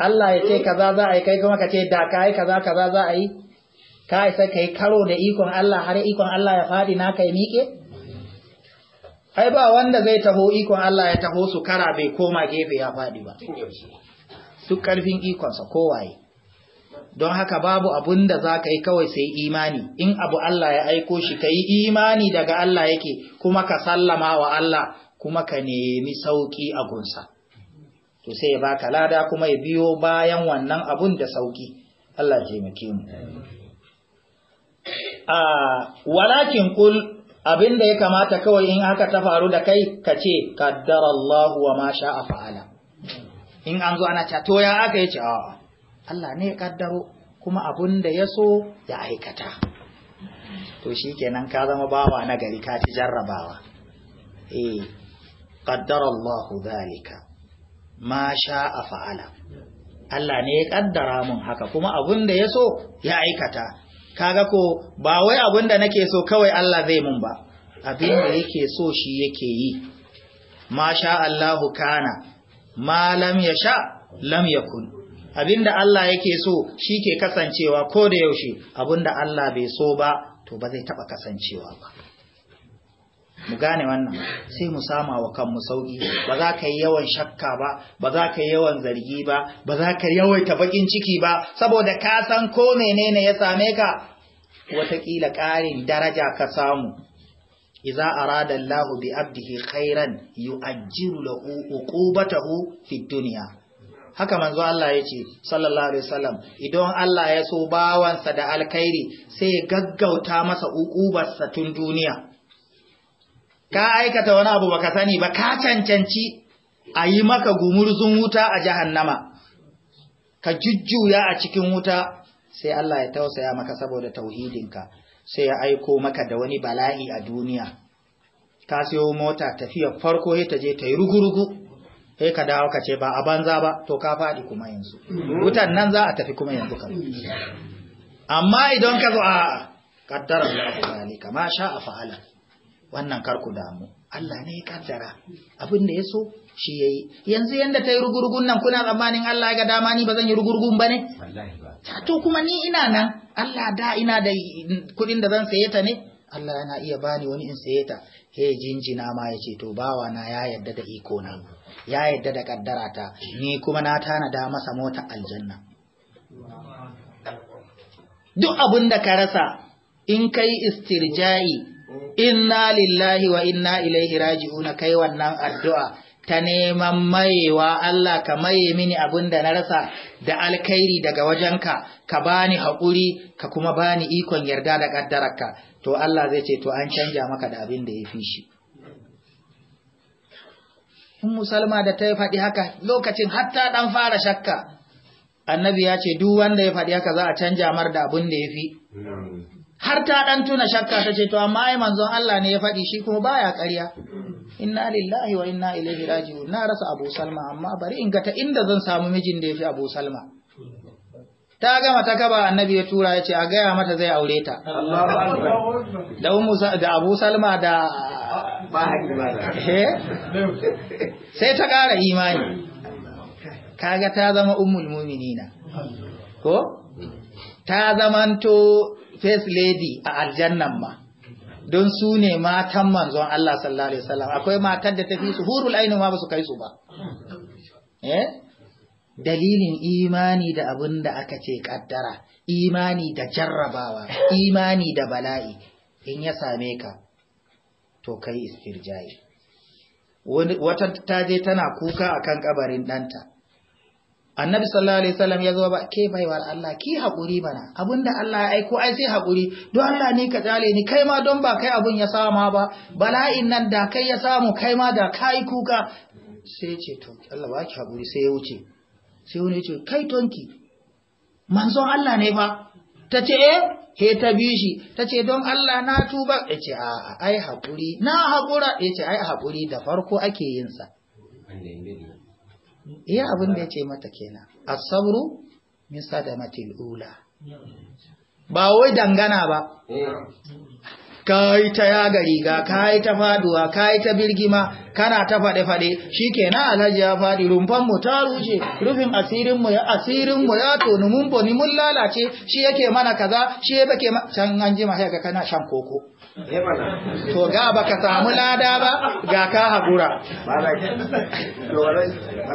Allah ya ce kaza za a yi kai kuma ka ce da kai kaza kaza za a yi ka isa kai karo da ikon Allah har ikon Allah ya fadi na kai miƙe ai ba wanda zai taho ikon Allah ya taho su kara bai koma gefe ya faɗi ba duk ƙarfin ikonsa kowaye don haka babu abun da za ka yi kawai sai imani in abu Allah ya aiko shi ka yi imani daga Allah yake kuma ka sallama wa Allah kuma ka nemi sauƙi a gunsa to sai ya baka lada kuma ya biyo bayan wannan abun da sauƙi Allah taimake mu a ah, walakin kul abin da ya kamata kawai in aka ta faru da kai ka ce kaddarallahu wa ma sha'a fa'ala in an zo ana ta to ya aka yi ce Allah ne ya kaddaro kuma abun da ya so ya aikata to shi kenan ka zama bawa na gari ka ci jarrabawa eh qaddara zalika ma sha'a fa'ala Allah ne ya kaddara mun haka kuma abun da ya so ya aikata kaga ko ba wai abun da nake so kawai Allah zai mun ba abin da yake so shi yake yi ma sha Allahu kana ma lam sha lam yakun Abin da Allah yake so shi ke kasancewa ko da yaushe da Allah bai so ba to ba zai taɓa kasancewa ba mu gane wannan sai mu sama wa kanmu sauki ba za ka yi yawan shakka ba ba za ka yi yawan zargi ba ba za ka yawaita tabakin ciki ba saboda ka san ko menene ya same ka watakila ƙarin daraja ka samu iza arada Allahu bi abdihi khairan yu'ajjiru lahu uqubatahu fid dunya haka manzo Allah ya ce sallallahu alaihi wasallam idan Allah ya so bawansa da alkhairi sai ya gaggauta masa ukubarsa tun duniya ka aikata wani abu baka sani ba ka cancanci a yi maka gumurzun wuta a jahannama ka jujjuya a cikin wuta sai Allah ya tausaya maka saboda tauhidinka sai ya aiko maka da wani bala'i a duniya ka siyo mota tafiya farko ya taje ta yi rugurugu sai ka dawo ka ce ba a banza ba to ka faɗi kuma yanzu wutan nan za a tafi kuma yanzu ka amma idan ka zo a kaddara Allahu zalika ma sha a fa'ala wannan kar ku damu Allah ne ya kaddara abin da ya so shi yayi yanzu yanda tayi rugurgun nan kuna tsammanin Allah ya ga dama ni bazan yi rugurgun bane wallahi ba to kuma ni ina nan Allah da ina da kudin da zan saye ta ne Allah yana iya bani wani in saye ta he jinjina ma yace to bawa na ya yarda da iko na ya yadda da kaddara ta ni kuma na tanada masa mota aljanna duk abin da ka rasa in kai istirja'i inna lillahi wa inna ilaihi raji'un kai wannan addu'a ta neman mayewa Allah ka maye mini abin da na rasa da alkhairi daga wajenka ka bani haƙuri ka kuma bani ikon yarda da ƙaddararka to Allah zai ce to an canja maka da abin da ya fi shi in musalma da ta yi faɗi haka lokacin hatta ɗan fara shakka annabi ya ce duk wanda ya faɗi haka za a canja mar da abin da ya fi har ta ɗan tuna shakka ta ce to amma ai manzon Allah ne ya faɗi shi kuma baya ƙarya inna lillahi wa inna ilaihi raji'un na rasa abu salma amma bari in ga ta inda zan samu mijin da ya fi abu salma ta gama ta kaba annabi ya tura ya ce a gaya mata zai aure ta da abu salma da eh? sai ta ƙara imani kaga ta zama umul muminina ko ta zamanto first lady a aljannan ma don su ne matan manzon Allah sallallahu alaihi wasallam akwai matan da ta fi su hurul ainu ma ba su kai su ba eh dalilin imani da abin da aka ce kaddara imani da jarrabawa imani da bala'i in ya same ka to kai istirjai wata ta je tana kuka akan kabarin danta. annabi sallallahu alaihi wasallam ya zo ba ke baiwar Allah ki hakuri bana abinda Allah ya aiko ai sai hakuri don Allah ni ka jale ni kai ma don ba kai abun ya sama ba bala'in nan da kai ya samu kai ma da kai kuka sai ce to Allah ba ki haƙuri sai ya wuce sai wani ce kai tonki manzon Allah ne fa ta ce eh he ta bi shi ta ce don Allah na tuba ya ce a ai haƙuri na haƙura ya ce ai haƙuri da farko ake yin sa iya abin da ya ce mata kenan asabru min sadamatil ula ba wai dangana ba eh. kai ta yaga riga kai ta faduwa kai ta birgima kana ta fade fade shikenan alhaji ya fadi rumfan mu ta rushe rufin asirin mu ya asirin mu ya tonu mun boni mun lalace shi yake mana kaza shi yake can an jima kana shan koko Eh, to ga baka samu lada ba ga ka haƙura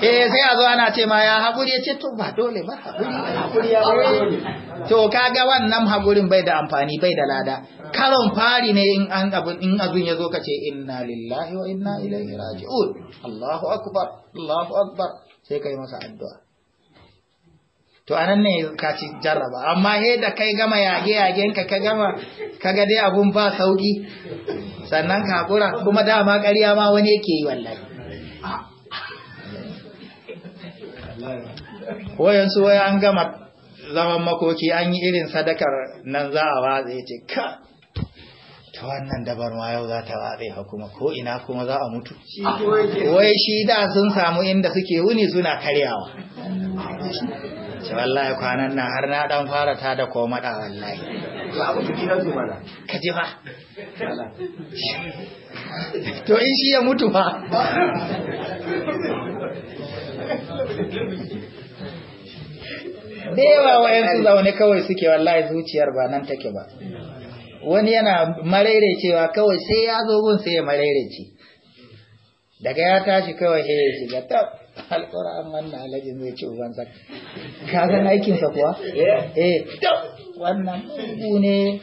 eh sai a zo ana ce ma ya haƙuri ya ce to ba dole ba haƙuri to ka ga wannan haƙurin bai da amfani bai da lada karon fari ne in an in abin ya zo ka ce inna lillahi wa inna ilaihi raji'un Allahu akbar Allahu akbar sai kai masa addu'a to anan ne ka ci jarraba amma he da kai gama yage yagen ka ka gama ga dai abun ba sauki sannan ka hakura kuma dama ƙarya ma wani yake yi wallahi su waya an gama zaman makoki an yi irin sadakar nan za a watsa ya ka ta wannan dabar ma yau za ta ware hukuma kuma ko ina kuma za a mutu wai shi da sun samu inda suke wuni suna karyawa ce <laughs> wallahi kwanan nan har na dan fara ta da koma da wallahi ka ji ba. to in shi ya mutu ba da yawa wayansu zaune kawai suke wallahi zuciyar ba nan take ba wani yana cewa kawai sai ya zo gun sai ya ce daga ya tashi kawai sai ya shiga tab alƙur'an wannan alajin zai ci ubansa ka san sa kuwa eh ta wannan mugu ne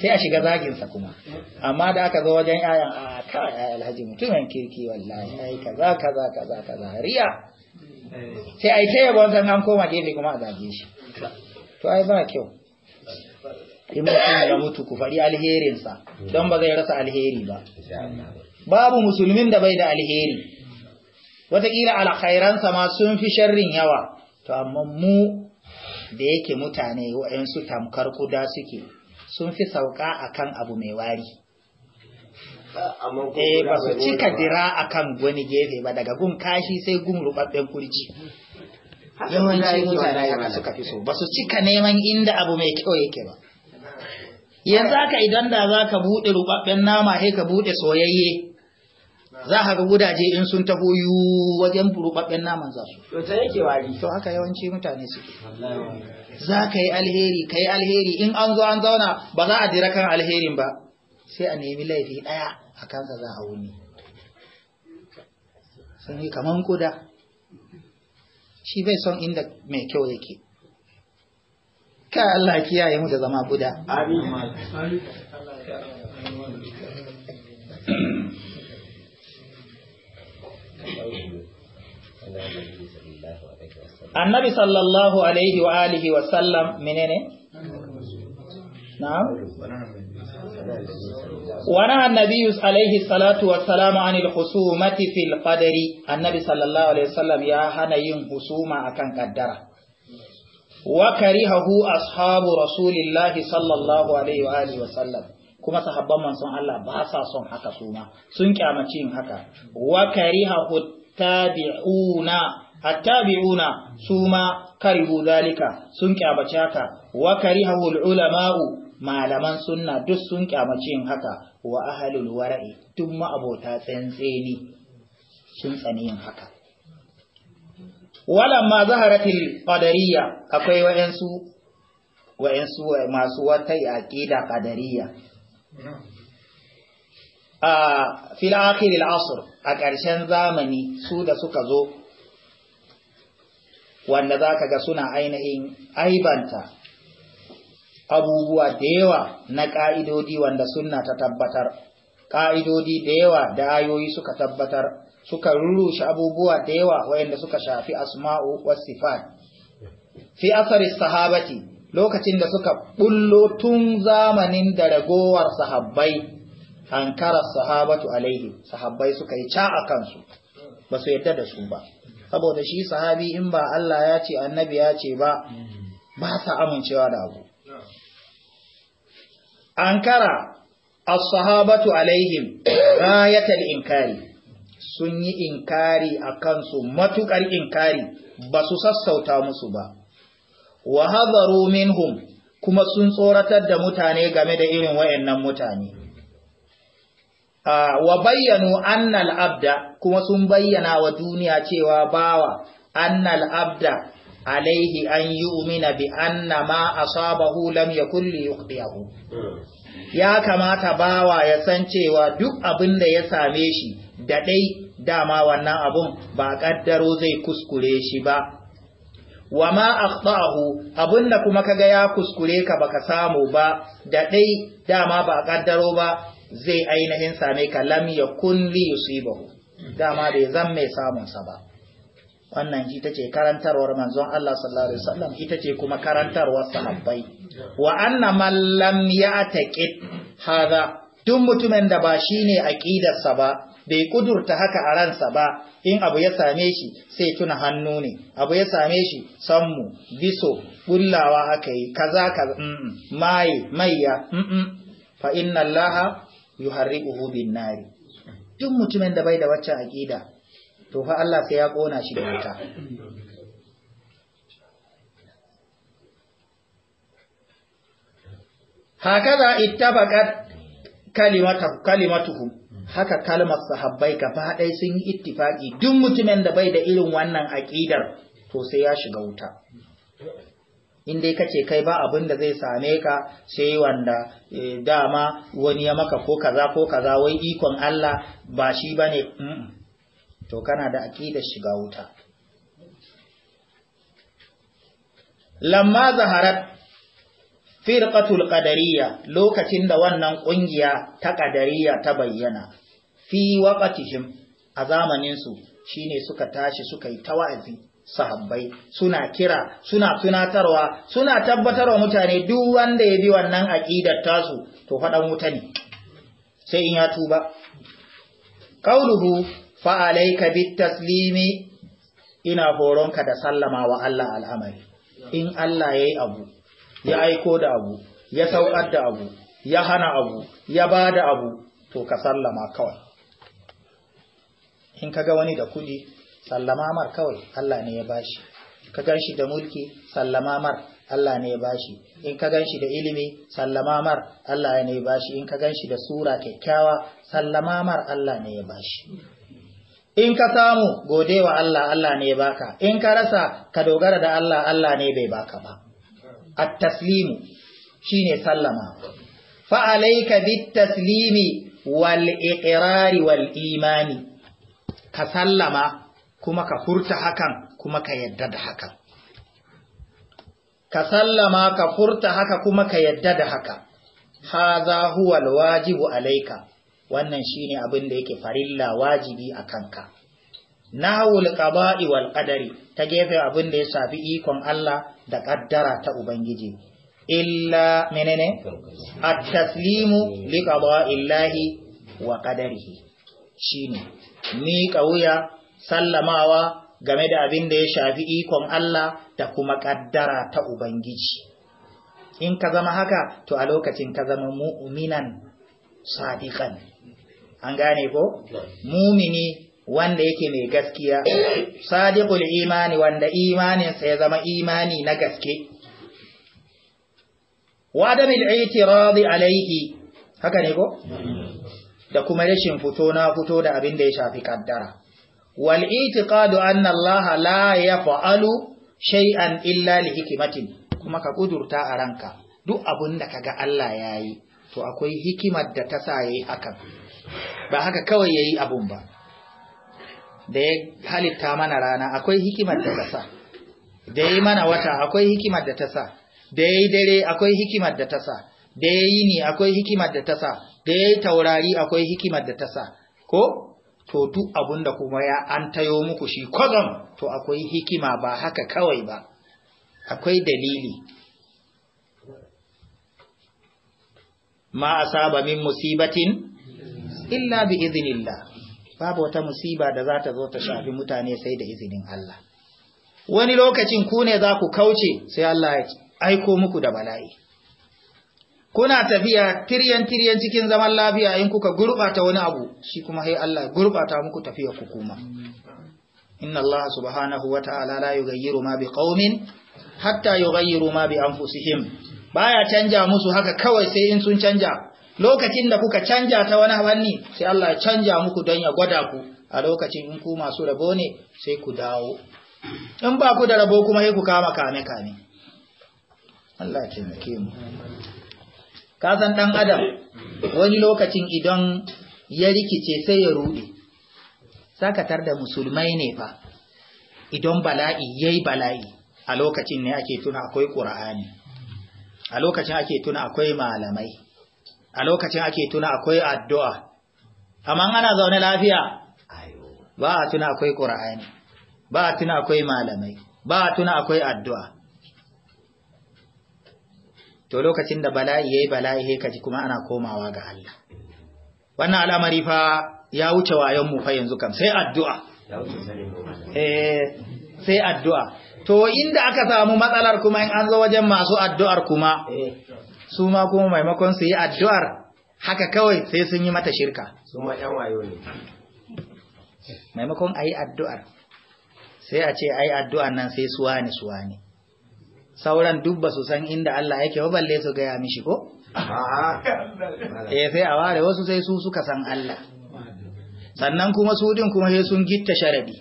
sai a shiga zaginsa kuma amma da aka zo wajen yayan a kawai ya alhaji mutumin kirki wallahi ai kaza kaza kaza kaza riya eh. sai ai ta yabon san an koma gefe kuma a zage shi to ai ba kyau in mutum ya mutu ku faɗi alherinsa mm. don ba zai rasa alheri ba babu musulmin da bai da alheri wataƙila alkhairansa ma sun fi sharrin yawa to amma mu da yake mutane wa'yansu tamkar kuda suke sun fi sauka akan abu mai wari eh ba su cika dira akan wani gefe ba daga gun kashi sai gun rubabben kurji yawanci mutane suka fi so ba su cika neman inda abu mai kyau yake ba yanzu haka idan da za ka buɗe ruɓaɓɓen nama sai ka buɗe soyayye za ka ga gudaje in sun taho yu wajen ruɓaɓɓen naman za su to yake wari to haka yawanci mutane suke za ka yi alheri ka yi alheri in an zo an zauna ba za a jira kan alherin ba sai a nemi laifi ɗaya a kansa za a wuni sun yi kaman kuda shi bai son inda mai kyau yake ka Allah kiyaye mu da zama guda annabi sallallahu alaihi wa alihi wa sallam menene wani annabi alaihi salatu wa salama an ilhusu mati fil qadari annabi sallallahu alaihi wa sallam ya hana yin husuma akan kaddara. kaddara wa hahu ashabu rasulillahi sallallahu alaihi wa wa sallam kuma sahaban manzon Allah ba sa son haka suma sun ƙyamaci haka wa karihahu tabi'una attabi'una suma karihu zalika sun ƙyamaci haka wa karihahu ulama'u malaman sunna duk sun kyamaci yin haka wa ahlul wara'i duk ma'abota tsantseni sun tsani yin haka ma zaharatil qadariyya akwai wayansu wayansu masu wata aqida qadariyya a fil akhiril asr a ƙarshen zamani su da suka zo wanda zaka ga suna ainihin aibanta abubuwa da yawa na ƙa'idodi wanda sunna ta tabbatar ƙa'idodi da yawa da ayoyi suka tabbatar suka rurrushe abubuwa da yawa wayanda suka shafi asma'u was sifat fi asari sahabati lokacin da suka bullo tun zamanin da ragowar sahabbai ankara sahabatu alaihi sahabbai suka yi ca a kansu ba su yadda da su ba saboda shi sahabi in ba Allah ya ce annabi ya ce ba ba sa amincewa da abu ankara as-sahabatu alaihim rayatul inkari sun yi inkari a kansu matuƙar inkari ba su sassauta musu ba wa hadaru minhum kuma sun tsoratar da mutane game da irin wayannan mutane wa bayyanu annal abda kuma sun bayyana wa duniya cewa bawa annal abda alaihi an umina bi anna ma asabahu lam yakul liyukhtiyahu hmm. ya kamata bawa ya san cewa duk abin da ya same shi da dai dama wannan abun ba kaddaro zai kuskure shi ba wa ma akhtahu abunda kuma kaga ya kuskure ka baka samu ba da dai dama ba kaddaro ba zai ainihin same ka lam yakun li yusibahu dama ya zan mai samun ba wannan ita ce karantarwar manzon Allah sallallahu alaihi wasallam ita ce kuma karantarwar sahabbai wa anna man lam ya'taqid hadha duk mutumin da ba shine aqidarsa ba bai kudurta haka a ransa ba in abu ya same shi sai tuna hannu ne abu ya same shi sanmu biso bullawa aka yi kaza ka maye maiya fa inna allaha yuharriquhu bin nari duk mutumin da bai da waccan aqida to fa Allah sai ya kona shi da wuta hakaza ittafaqat kalimatu kalimatuhum haka kalmar sahabbai ka faɗai sun yi ittifaki duk mutumin da bai da irin wannan aƙidar to sai ya shiga wuta in dai kace kai ba abin da zai same ka sai wanda eh, dama wani ya maka ko kaza ko kaza wai ikon Allah ba shi bane to kana da aƙidar shiga wuta lamma zaharat firqatul qadariyya lokacin da wannan kungiya ta qadariyya ta bayyana fi waqatihim a zamanin su shine suka tashi suka yi tawazi sahabbai suna kira suna tunatarwa suna tabbatarwa mutane duk wanda ya bi wannan aqidar tasu to fadan wuta ne sai in ya tuba qauluhu fa alayka bit taslimi ina horonka da sallama wa Allah al'amari in Allah yayi abu ya aiko da abu ya saukar da abu ya hana abu ya ba da abu to ka sallama kawai in kaga wani da kuɗi, sallama mar kawai Allah ne ya bashi ka gan shi da mulki sallama mar Allah ne ya bashi in ka gan shi da ilimi sallama mar Allah ne ya bashi in ka gan shi da sura kyakkyawa sallama mar Allah ne ya bashi in ka samu godewa Allah Allah ne ya baka in ka rasa ka dogara da Allah Allah ne bai baka ba at-taslimu shine sallama fa alayka bit-taslimi wal iqrari imani ka sallama kuma ka furta hakan kuma ka yadda da hakan ka sallama ka furta haka kuma ka yadda da haka haza huwa alwajibu alayka wannan shine abin da yake farilla wajibi a kanka. nahul qada'i wal qadari ta gefe abin da ya shafi ikon Allah da kaddara ta ubangiji illa menene at-taslimu li qada'illahi wa qadarihi shine Ni kauya sallamawa game da abin da ya shafi ikon Allah da kuma kaddara ta ubangiji in ka zama haka to a lokacin ka zama mu'minan sadiqan an gane ko mumini wanda yake mai gaskiya sadiqul imani wanda imaninsa ya zama imani na gaske wa da bil i'tiradi alayhi haka ne ko da kuma rashin fito na fito da abin da ya shafi kaddara wal i'tiqadu anna allaha la yaf'alu shay'an illa li hikmatin kuma ka kudurta a ranka duk abin da kaga Allah yayi to akwai hikimar da ta sa yayi hakan ba haka kawai yayi abun ba da ya halitta mana rana akwai hikimar da ta sa da ya yi mana wata akwai hikimar da ta sa da ya yi dare akwai hikimar da ta sa da ya yi ni akwai hikimar da ta sa da ya yi taurari akwai hikimar da ta sa ko to duk abun da kuma ya an tayo muku shi kwazon to akwai hikima ba haka kawai ba akwai dalili ma asaba min musibatin illa bi idhnillah babu wata musiba da za ta zo ta shafi mutane sai da izinin Allah wani lokacin ku ne za ku kauce sai Allah ya aiko muku da bala'i kuna tafiya tiryan tiryan cikin zaman lafiya in kuka gurɓata wani abu shi kuma sai Allah ya gurɓata muku tafiya ku kuma inna Allah subhanahu wata'ala la yughayyiru ma ƙaumin, hatta yughayyiru ma bi anfusihim baya canja musu haka kawai sai in sun canja lokacin da kuka canja ta wani abanni, sai Allah ya canja muku don ya gwada ku a lokacin in ku masu rabo ne sai ku dawo in ba ku da rabo kuma sai ku kama kame kame Allah ya taimake mu ka san dan adam wani lokacin idan ya rikice sai ya rudi sakatar da musulmai ne fa idan bala'i yayi bala'i a lokacin ne ake tuna akwai qur'ani a lokacin ake tuna akwai malamai a lokacin ake tuna akwai addu'a amma ana zaune lafiya ba a tuna akwai ƙura'ani ba a tuna akwai malamai ba a tuna akwai addu'a to lokacin da bala'i ya yi bala'i ya kaji kuma ana komawa ga Allah wannan al'amari fa ya wuce wayonmu fa yanzu kam sai addu'a eh, sai addu'a to inda aka samu matsalar kuma in an zo wajen masu addu'ar kuma eh. su ma kuma maimakon su yi addu'ar haka kawai sai sun yi mata shirka su ma ƴan wayo ne maimakon a yi addu'ar sai a ce a yi addu'ar nan sai suwa ne suwa ne sauran duk su san inda Allah yake ba balle su gaya mishi ko? Eh, sai a ware wasu sai su suka san Allah sannan kuma su din kuma sai sun gitta sharadi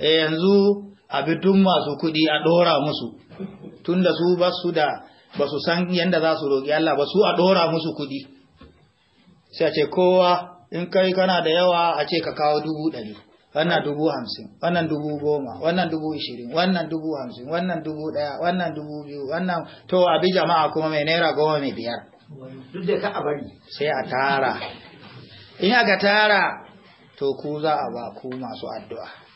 eh yanzu abidun masu kuɗi a ɗora musu tunda su ba su da ba su san yadda za su roƙi Allah ba su a ɗora musu kuɗi sai a ce kowa in kai kana da yawa a ce ka kawo dubu ɗari wannan dubu hamsin wannan dubu goma wannan dubu ishirin wannan dubu hamsin wannan dubu ɗaya wannan dubu biyu wannan to a bi jama'a kuma mai naira goma mai biyar duk da ka a bari sai a tara in aka tara to ku za a ba ku masu addu'a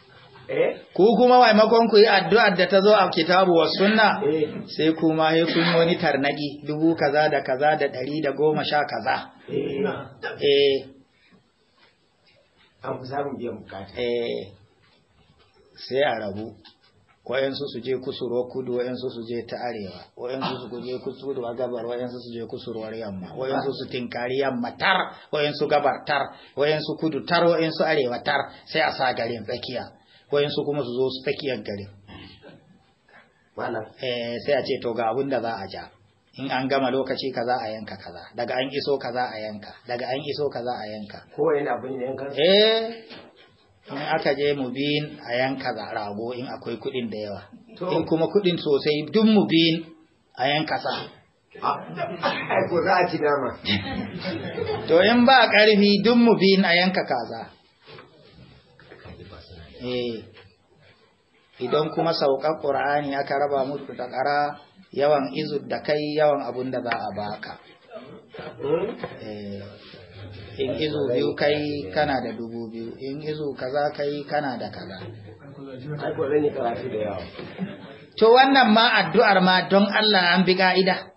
Eh? ku kuma maimakon ku yi addu'ar da ta zo a kitabu wa sunna eh. sai kuma he kun wani tarnagi dubu kaza da kaza da ɗari da goma sha kaza eh, eh an fi samun biyan bukata eh sai a rabu wayansu su je kusurwa kudu wayansu su je ta arewa wayansu su je kusurwa gabar wayansu su je kusurwar yamma wayansu su tinkari yamma tar wayansu gabar tar wayansu kudu tar wayansu arewa tar sai a sa garin tsakiya wayansu kuma su zo su tsakiyar garin eh, sai a ce to ga abin da za a ja in an gama lokaci kaza a yanka kaza daga an iso kaza a yanka daga an iso kaza a yanka ko wani abin yanka eh in aka je mu biyin a yanka za rago in akwai kudin da yawa in kuma kudin sosai duk mu biyin a yanka sa ko za a ci dama to in ba karfi duk mu biyin a yanka kaza Eh, idan kuma saukar ƙur'ani aka raba mutu da ƙara yawan izu da kai yawan abun da za a baka eh, in izu biyu kai kana da dubu biyu in izu kaza kai kana da kaza to wannan ma addu'ar ma don Allah an bi ka'ida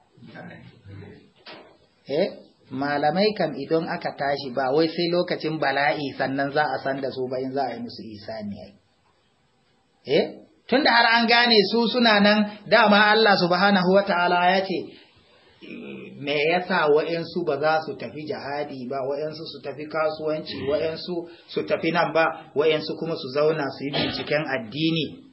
eh malamai kam idan aka tashi ba wai sai lokacin bala'i sannan za a san da su ba in za a yi musu isani eh tunda har an gane su suna nan dama Allah subhanahu wataala ya ce me yasa wa'ansu ba za su tafi jihadi ba wa'ansu su tafi kasuwanci wa'ansu su tafi nan ba wa'ansu kuma su zauna su yi binciken addini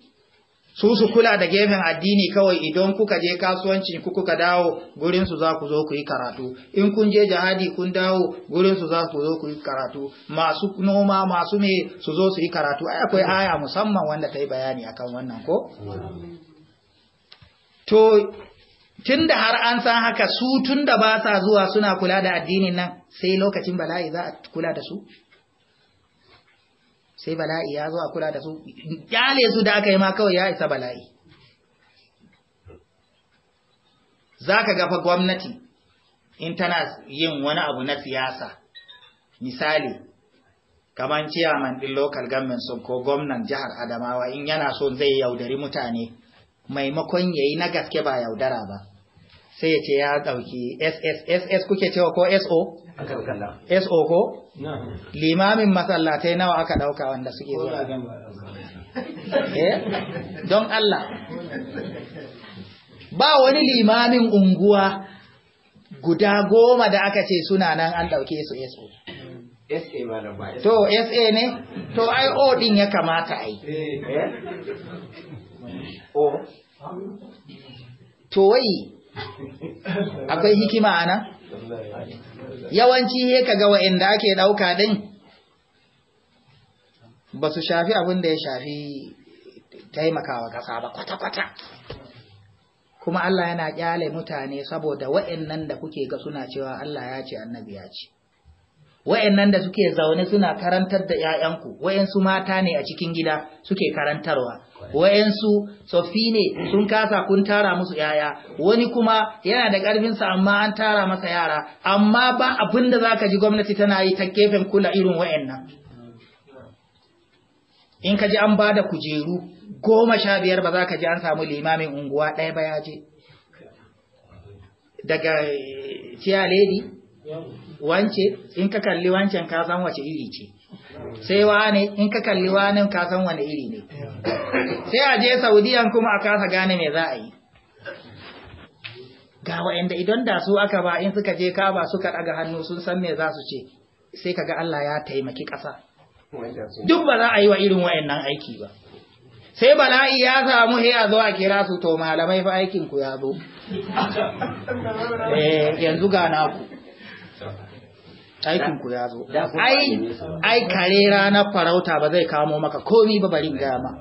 su su kula da gefen addini kawai idan kuka je kasuwanci ku kuka dawo gurin su za ku zo ku yi karatu in kun je jihadi kun dawo gurin su za ku zo ku yi karatu masu noma masu me su zo su yi karatu ai akwai aya musamman wanda ta yi bayani akan wannan ko to tunda har an san haka su tunda ba sa zuwa suna kula da addinin nan sai lokacin bala'i za a kula da su sai bala'i ya zo a kula da su kyale su da aka yi ma kawai ya isa bala'i za ka gafa gwamnati in tana yin wani abu na siyasa misali kamar ciyaman ɗin local government sun ko gwamnan jihar adamawa in yana so zai yaudari mutane maimakon ya yi na gaske ba yaudara ba sai ya ce ya ɗauki SSSS kuke cewa ko SO? SO ko? Limamin masallatai nawa aka ɗauka wanda suke zuwa. Eh? Don Allah. Ba wani limamin unguwa guda goma da aka ce suna nan an ɗauke su SO. To, SA ne? To, IO ɗin ya kamata a yi. Eh, eh. To, wai akwai hikima ana yawanci he kaga wa'anda ake ɗauka din ba su shafi abin da ya shafi taimakawa kasa ba kwata-kwata kuma Allah yana kyale mutane saboda wa'annan da kuke ga suna cewa Allah ya ce annabi ya ce wa'annan da suke zaune suna karantar da 'ya'yanku, wa'ansu mata ne a cikin gida suke karantarwa wayansu tsoffi ne sun kasa kun tara musu yaya wani kuma yana da ƙarfinsa amma an tara masa yara amma ba abin da za ka ji gwamnati tana yi ta gefen kula irin wayannan in ka ji an ba da kujeru goma sha biyar ba za ka ji an samu limamin unguwa ɗaya ba ya je daga ciya eh, lady wance in ka kalli wancan ka san wace iri ce sai wani in ka kalli wani ka san wani iri ne sai a je saudiyan kuma a kasa gane me za a yi ga wa'anda idan da su aka ba in suka je ba suka ɗaga hannu sun san me za su ce sai kaga Allah ya taimaki ƙasa duk ba za a yi wa irin wayannan aiki ba sai bala'i ya samu he a zo a kira su to malamai fa aikin ku ya zo <laughs> eh, yanzu ga naku aikin ku ya zo ai ai kare rana farauta ba zai kamo maka komi ba bari ga ma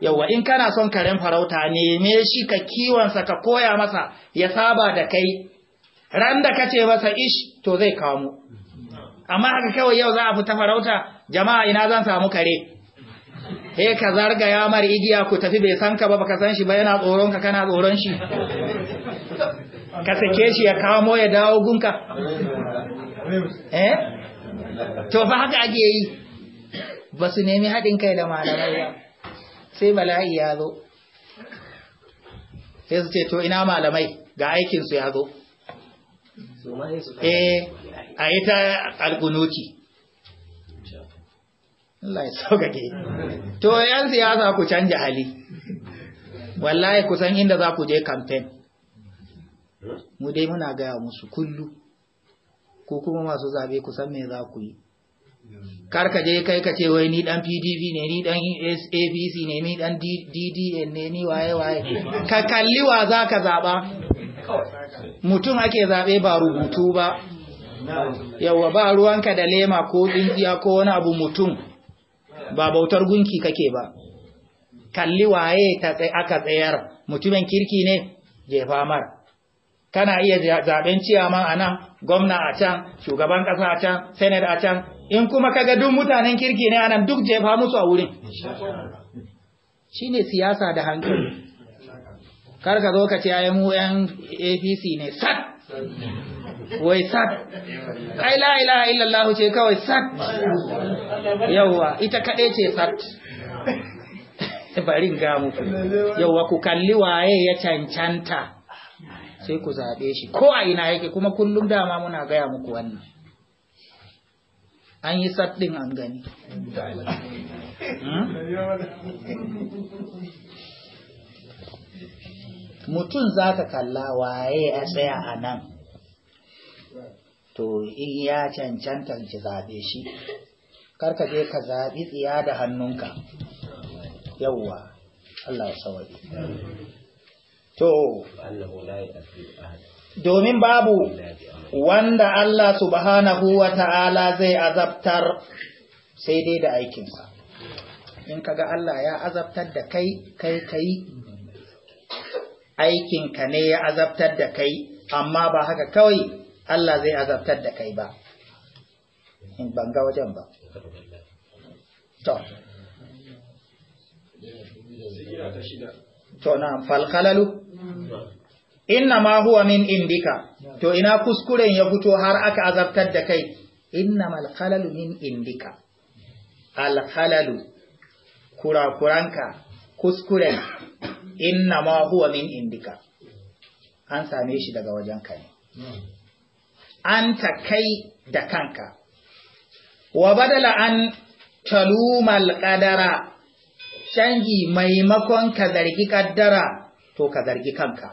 yawa in kana son karen farauta neme shi ka kiwonsa ka koya masa ya saba da kai ran da ka ce masa ish to zai kamo amma haka kawai yau za a fita farauta jama'a ina zan samu kare he ka zarga ya mar igiya ku tafi bai san ka ba baka san shi ba yana tsoron ka kana tsoron shi ka sake shi ya kamo ya dawo gunka eh to fa haka ake yi ba su nemi haɗin kai da malamai ba sai bala'i ya zo sai su ce to ina malamai ga aikinsu ya zo eh a yi ta algunuti Allah ya sauƙaƙe to yan siyasa ku canja hali wallahi kusan inda za ku je kamfen mu dai muna gaya musu kullu ko kuma masu zabe ku san me za ku yi kar ka je kai ka ce wai ni dan PDV ne ni dan APC ne ni dan DDN ne ni waye waye ka kalli wa za ka zaba mutum ake zabe ba rubutu ba yawa ba ruwanka da lema ko injiya ko wani abu mutum ba bautar gunki kake ba kalli waye ta aka tsayar mutumin kirki ne jefa kana iya zaben ciyaman a nan gwamna a can shugaban ƙasa a can senet a can in kuma kaga duk mutanen kirki ne a nan duk jefa musu a wurin shine siyasa da hankali kar ka zo ka ce ayi mu yan apc ne sat wai sat ai la ilaha illallah ce kawai sat yawa ita kadai ce sat <laughs> bari ga muku yawa ku kalli waye ya cancanta sai ku zaɓe shi ko a ina yake kuma kullum dama muna gaya muku wannan an yi saɗin an gani hmm? mutum za ka kalla waye a tsaya a nan to in ya cancanta ki zaɓe shi karka je ka zaɓi tsiya da hannunka yauwa Allah ya to domin babu wanda Allah subhanahu wa ta'ala zai azabtar sai dai da aikinsa in kaga Allah ya azabtar da kai kai kai aikinka ne ya azabtar da kai amma ba haka kawai Allah zai azabtar da kai ba in banga wajen ba to to na falkalalu inna ma huwa min indika to ina kuskuren ya fito har aka azabtar da kai inna malkalalu min indika alkhalalu kurakuranka kuskuren inna ma huwa min indika an same shi daga wajen ka ne an ta kai da kanka wa badala an talumal qadara canji maimakon ka zargi kaddara to ka zargi kanka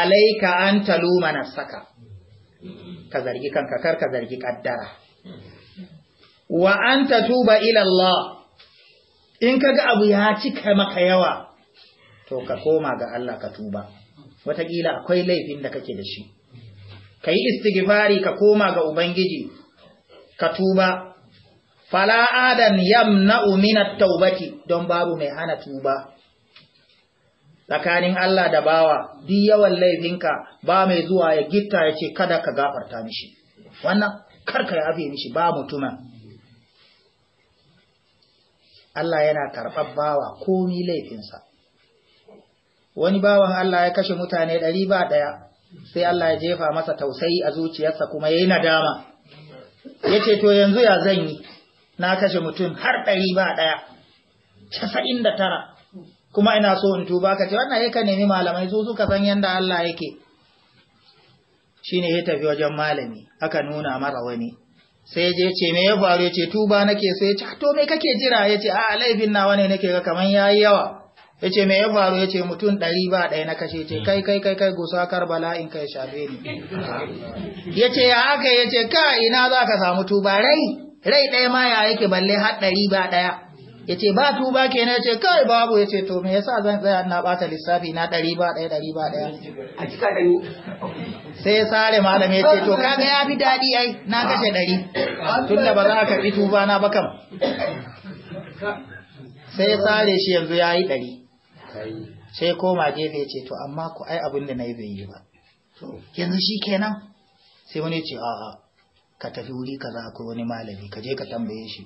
alaika an taluma nafsaka ka zargi kanka kar ka zargi kaddara wa an tuba ila Allah in kaga abu ya cika maka yawa to ka koma ga Allah ka tuba wataƙila akwai laifin da kake da shi ka yi istighfari ka koma ga ubangiji ka tuba fala yam yamna'u min don babu mai hana tuba tsakanin Allah da bawa duk yawan laifinka ba mai zuwa ya gitta ya ce kada ka gafarta mishi wannan karka ya abe mishi ba mutumin. Allah yana karɓar bawa komi laifinsa wani bawan Allah ya kashe mutane ɗari ba ɗaya sai Allah ya jefa masa tausayi a zuciyarsa kuma ya yi nadama ya ce to yanzu ya zan yi na kashe mutum har ɗari ba ɗaya casa'in da tara kuma ina so in tuba ka ce wannan ya ka nemi malamai su suka san yadda Allah yake shi ne ya tafi wajen malami aka nuna mara wani sai je ce me ya faru ce tuba nake Sai ya ce ah, to me kake jira ya ce a ah, laifin nawa ne nake ga ya yi yawa ya ce me ya faru ya ce mutum ɗari ba ɗaya na kashe ce kai kai kai kai gusa karbala in kai shafe ni <laughs> ya ce ya haka ya ce ka ina za ka samu tuba rai rai ɗaya ma ya yake balle har ɗari ba ɗaya ya ce ba tuba ke na ce kawai babu ya ce to me yasa zan tsaya na ɓata lissafi na ɗari ba ɗaya ɗari ba ɗaya sai ya sare malam ya ce to kaga ya fi daɗi ai na kashe ɗari tun da ba za ka fi tuba na ba kam sai ya sare shi yanzu ya yi ɗari sai koma gefe ya ce to amma ku ai abin da na yi bai yi ba yanzu shi kenan sai wani ce a'a ka tafi wuri ka za ku wani malami ka je ka tambaye shi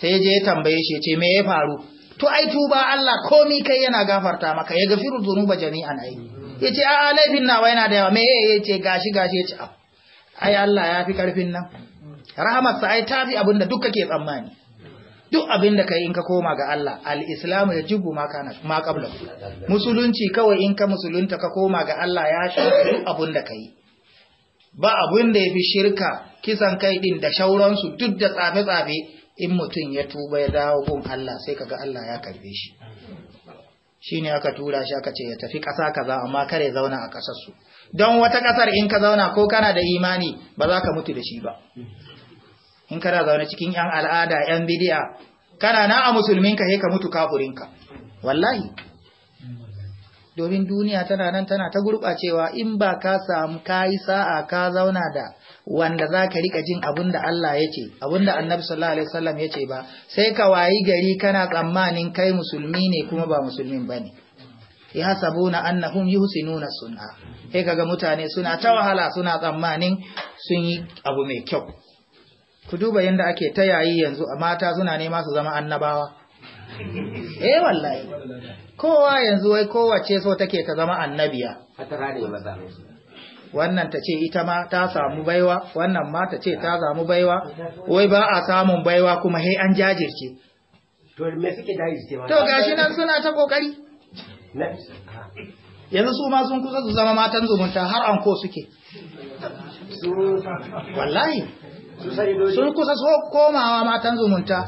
sai je ya tambaye shi ce me ya faru to ai tuba Allah komi kai yana gafarta maka ya gafiru zunuba jami'an ai yace a laifin nawa yana da yawa me yace gashi gashi yace ah, ai Allah ya fi karfin nan sa ai tafi abinda duk kake tsammani duk abinda kai in ka koma ga Allah al-islamu jibu ma kana ma qabla musulunci kawai in ka musulunta ka koma ga Allah ya shi duk abinda kai ba abin da ya fi shirka kisan kai ɗin da shauransu duk da tsafe-tsafe in mutum ya tuba ya dawo gun Allah sai kaga Allah ya karbe shi shi ne aka tura shi aka ce ya tafi ƙasa ka za, amma kare zauna a ƙasarsu don wata ƙasar in ka zauna ko kana da imani ba za ka mutu da shi ba in kana zaune cikin 'yan al'ada 'yan bidiya kana na a musulminka sai ka mutu kafurinka wallahi domin duniya tana nan tana ta gurɓacewa in ba ka samu ka yi sa'a ka zauna da wanda za ka riƙa jin abin da Allah ya ce abin da annabi sallallahu alaihi wasallam ya ce ba sai ka wayi gari kana tsammanin kai musulmi ne kuma ba musulmin ba ne ya sabuna annahum yuhsinuna sun'a sai kaga mutane suna ta wahala suna tsammanin sun yi abu mai kyau ku duba yadda ake ta yayi yanzu mata suna nema su zama annabawa eh wallahi kowa yanzu wai kowace so take ta zama annabiya wannan ta ce ita ma ta samu baiwa wannan ma ta ce ta samu baiwa wai ba a samun baiwa kuma he an jajirce to gashi nan suna ta kokari yanzu su ma sun kusa su zama matan zumunta har an ko suke wallahi sun kusa so komawa matan zumunta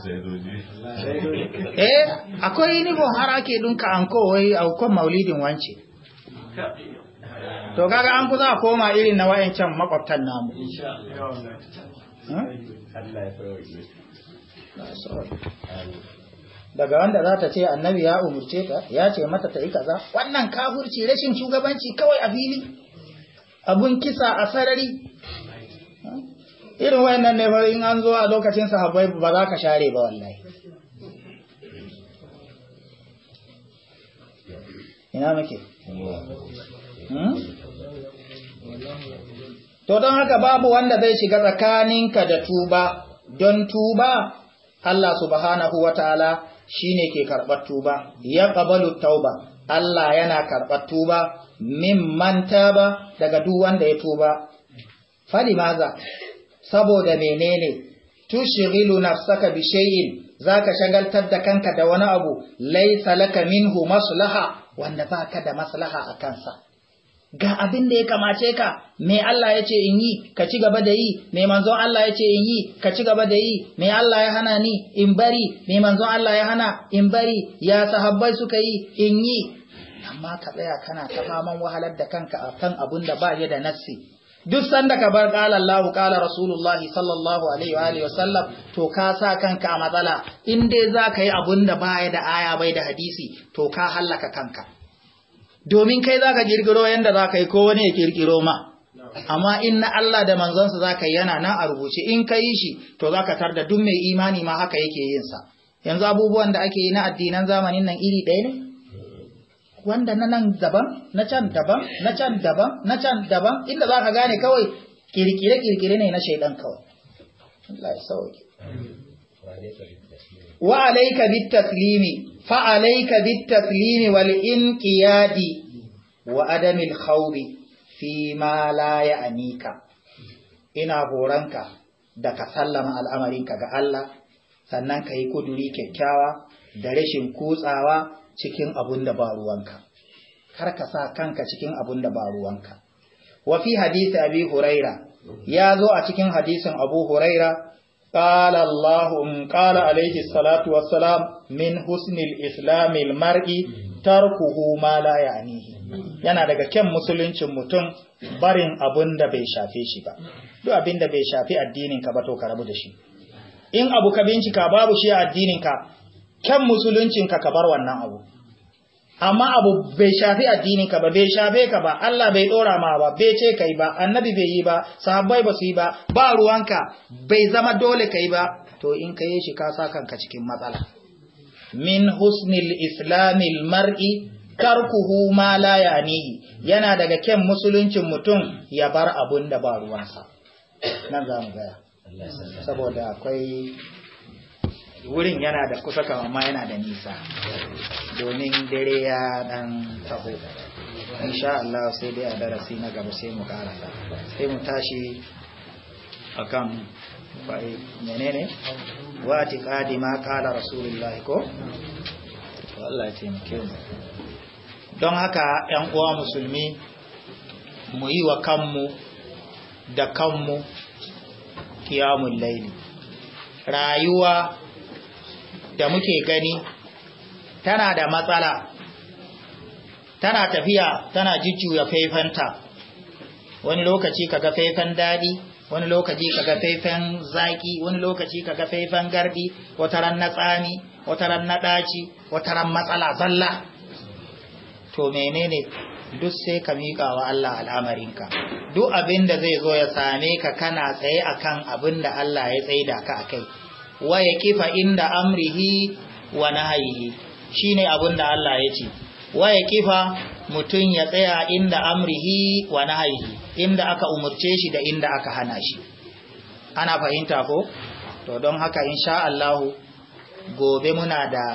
eh akwai inibon har ake dunka anko wai aukon maulidin wance to kaga an kusa koma irin na wayancan makwabtan namu hmm? daga wanda za ta ce annabi ya umurce ta ya ce mata ta yi kaza wannan kafurci rashin shugabanci kawai a fili abun kisa a sarari irin wayannan ne fa in an zo a lokacin sahabbai ba za ka share ba wallahi ina muke hmm? to don haka babu wanda zai shiga tsakaninka da tuba don tuba Allah subhanahu wata'ala shine ke karɓar tuba ya qabalu tauba Allah yana karɓar tuba mimman taba daga duk wanda ya tuba fa maza saboda menene tushghilu nafsaka bi shay'in zaka shagaltar da kanka da wani abu laysa laka minhu maslaha wanda baka da maslaha a kansa ga abin da ya kamace ka me Allah yace in yi ka ci gaba da yi me manzon Allah yace in yi ka ci gaba da yi me Allah ya hana ni in bari me manzon Allah ya hana in bari ya sahabbai suka yi in yi amma ka tsaya kana ta faman wahalar da kanka akan abun da ba ya da nassi duk sanda ka bar qala Allahu qala Rasulullahi sallallahu alaihi wa alihi wasallam to ka sa kanka a matsala in dai zaka yi abun da baya da aya bai da hadisi to ka hallaka kanka domin kai zaka girgiro yanda ka yi ko wani ya kirkiro ma amma in na Allah da manzansa zaka yi yana nan a rubuce in ka yi shi to zaka tarda duk mai imani ma haka yake yin sa yanzu abubuwan da ake yi na addinan zamanin nan iri ɗaya ne wanda na nan daban na can daban na can daban na can daban inda za ka gane kawai kirkire-kirkire ne na shaidan kawai Allah ya sauke wa alayka bit taslimi fa alayka bit taslimi wal inqiyadi wa Adamin khawbi fi ma la ya'nika ina horanka da ka sallama al'amarinka ga Allah sannan ka yi kuduri kyakkyawa da rashin kutsawa cikin abun da ba ruwanka kar ka sa kanka cikin abun da ba ruwanka Wafi hadisi abi huraira ya zo a cikin hadisin abu huraira qala allah qala alaihi salatu wassalam min husnil islamil mar'i tarkuhu ma la ya'nihi yana daga kyan musuluncin mutum barin abun da bai shafe shi ba duk abin da bai shafi addinin ka ba to ka rabu da shi in abu ka bincika babu shi a addininka kyan musuluncinka ka bar wannan abu amma abu bai shafi addininka ba bai shafe ka ba Allah bai dora ma ba bai ce kai ba annabi bai yi ba sahabbai ba su yi ba ba ruwanka bai zama dole ka yi ba to in ka yi shi ka sa kanka cikin matsala min husnil islamil mar'i tarkuhu ma la yanihi yana daga kyan musuluncin mutum ya bar abun da ba ruwansa nan za mu gaya saboda akwai wurin yana da kusa kama ma yana da nisa domin dare ya dan taho insha Allah sai dai a darasi na gaba sai mu karasa sai mu tashi akan bai menene wa tiqadi ma qala rasulullah ko Allah ya taimake mu don haka ƴan uwa musulmi mu yi wa kanmu da kanmu kiyamul layli rayuwa da muke gani tana da matsala tana tafiya tana jujjuya faifanta wani lokaci kaga faifan daɗi wani lokaci kaga faifan zaki, wani lokaci kaga faifan gardi wataran na tsami wataran na wata wataran matsala zalla to menene duk sai ka mika wa Allah al'amarinka duk abin da zai zo ya same ka kana tsaye akan abin da Allah ya tsaida ka akai wa ya kifa inda amrihi wa nahayihi shine abun da Allah ya ce wa ya kifa mutum ya tsaya inda amrihi wa nahayihi inda aka umurce shi da inda aka hana shi ana fahimta ko to don haka insha Allah gobe muna da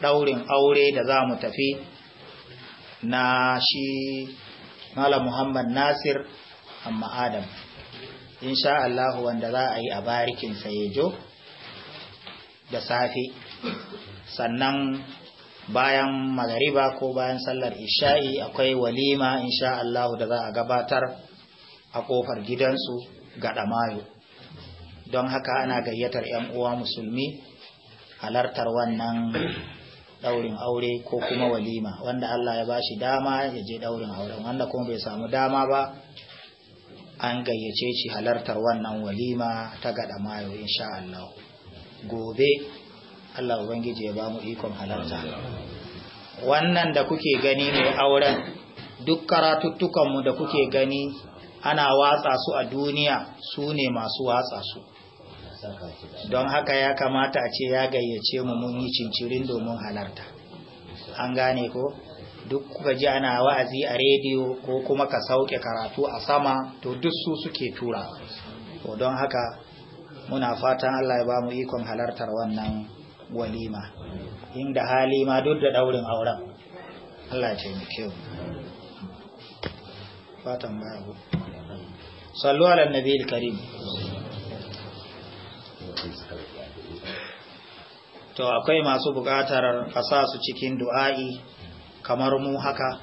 daurin aure da za mu tafi na shi Malam Muhammad Nasir amma Adam insha Allah wanda za a yi a barikin sayejo da safe sannan bayan magariba ko bayan sallar isha'i akwai walima insha Allah da za a gabatar a kofar gidansu ga ɗamayo don haka ana gayyatar 'yan uwa musulmi halartar wannan daurin aure ko kuma walima wanda Allah ya bashi dama ya je daurin auren wanda kuma bai samu dama ba an gayyace shi halartar wannan walima ta ga mayo insha Allah. gobe Allah Ubangiji ya ba mu ikon halarta wannan da kuke gani mai auren duk karatuttukanmu da kuke gani ana watsa su a duniya su ne masu watsa su don haka ya kamata a ce ya gayyace mu mun yi cincirin domin halarta an gane ko duk kuka ji ana wa'azi a rediyo ko kuma ka sauke karatu a sama to duk su suke tura don haka muna fatan Allah ya ba mu ikon halartar wannan walima inda hali ma duk da daurin auren Allah ya taimake mu fatan ba ku sallu ala karim to akwai masu buƙatar kasa su cikin du'a'i kamar mu haka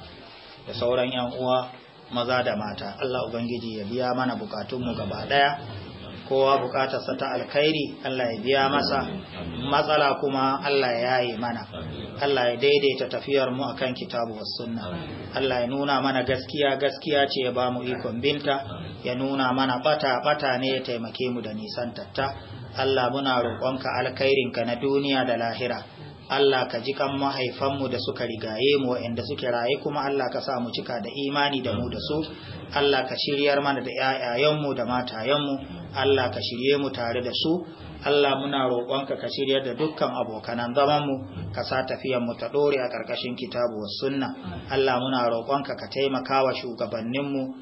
da sauran yan uwa maza da mata Allah ubangiji ya biya mana bukatunmu gaba daya kowa bukatarsa ta alkhairi Allah ya biya masa matsala kuma Allah ya yi mana Allah ya daidaita tafiyar mu akan kitabu was sunna Allah ya nuna mana gaskiya gaskiya ce ya ba mu ikon binta ya nuna mana bata bata ne ya taimake mu da nisan tatta Allah muna roƙonka alkhairin ka na duniya da lahira Allah ka ji kan mahaifanmu da suka rigaye mu waɗanda suke raye kuma Allah ka sa mu cika da imani da mu da su Allah ka shiryar mana da 'ya'yayenmu da matayenmu Allah ka shirye mu tare da su Allah muna roƙonka ka shirye da dukkan abokanan zaman mu ka sa tafiyar mu ta ɗore a ƙarƙashin kitabu was sunna Allah muna roƙonka ka taimaka wa shugabannin mu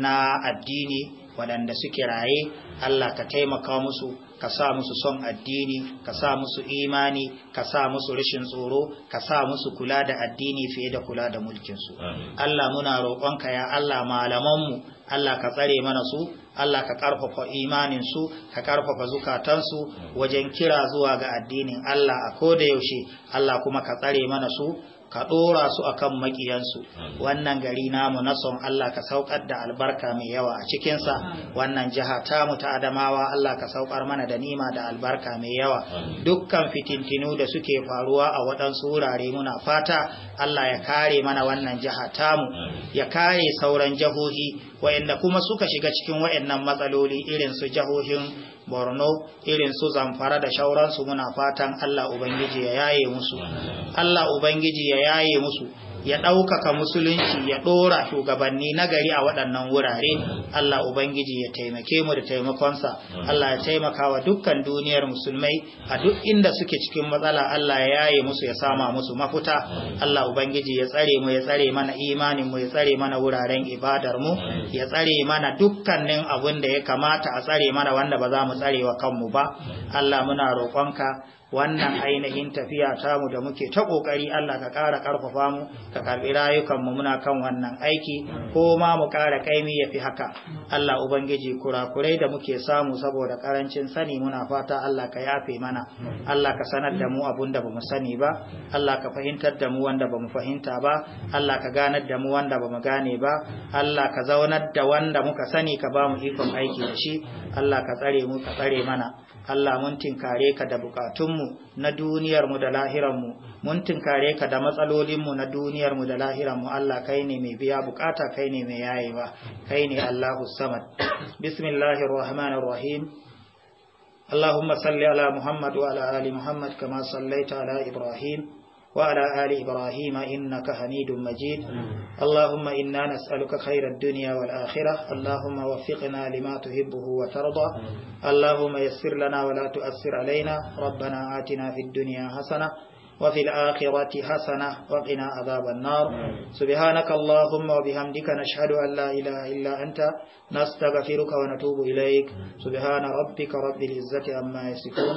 na addini waɗanda suke raye Allah ka taimaka musu ka sa musu son addini ka sa musu imani ka sa musu rashin tsoro ka sa musu kula da addini fiye da kula da mulkinsu Allah muna roƙonka ya Allah mu. Allah ka tsare mana su Allah ka ƙarfafa imanin su ka ƙarfafa zukatansu wajen kira zuwa ga addinin Allah a koda yaushe Allah kuma ka tsare mana su ka ɗora su a kan maƙiyansu wannan gari namu na son Allah ka saukar da albarka mai yawa a cikinsa wannan jiha tamu ta adamawa Allah ka saukar mana da nima da albarka mai yawa dukkan fitintinu da suke faruwa a waɗansu wurare muna fata Allah ya kare mana wannan jiha tamu ya kare sauran jihohi wa'inda kuma suka shiga cikin wa'innan matsaloli irin su jahohin borno irin su zamfara da shauransu muna fatan allah ubangiji ya yaye musu allah ubangiji ya yaye musu ya ɗaukaka musulunci ya ɗora shugabanni nagari a waɗannan wurare Allah Ubangiji ya taimake mu da taimakonsa Allah ya taimaka wa dukkan duniyar musulmai a duk inda suke cikin matsala Allah ya yaye musu ya sama musu mafuta Allah Ubangiji ya tsare mu ya tsare mana imanin mu ya tsare mana wuraren ibadar mu ya tsare mana dukkanin abin da ya kamata a tsare mana wanda ba za mu tsare wa kanmu ba Allah muna roƙonka wannan ainihin tafiya mu da muke ta kokari Allah ka ƙara ƙarfafa mu ka karbi rayukan mu muna kan wannan aiki ko ma mu ƙara kaimi yafi haka Allah ubangiji kurakurai da muke samu saboda karancin sani muna fata Allah ka yafe mana Allah ka sanar da mu abun da bamu sani ba Allah ka fahimtar da mu wanda bamu fahimta ba Allah ka ganar da mu wanda bamu gane ba Allah ka zaunar da wanda muka sani ka bamu mu ikon aiki da shi Allah ka tsare mu ka tsare mana Allah mun tinkare ka da bukatunmu na duniyarmu da lahiranmu mun tinkare ka da matsalolinmu na duniyarmu da lahiranmu Allah kai ne mai biya bukata kai ne mai yayewa kai ne Allahu samad bismillahir rahmanir rahim اللهم صل على محمد وعلى Ali Muhammad, kama sallaita ala Ibrahim. وعلى آل إبراهيم إنك حميد مجيد اللهم إنا نسألك خير الدنيا والآخرة اللهم وفقنا لما تحبه وترضى اللهم يسر لنا ولا تؤثر علينا ربنا آتنا في الدنيا حسنة وفي الآخرة حسنة وقنا عذاب النار سبحانك اللهم وبحمدك نشهد أن لا إله إلا أنت نستغفرك ونتوب إليك سبحان ربك رب العزة عما يصفون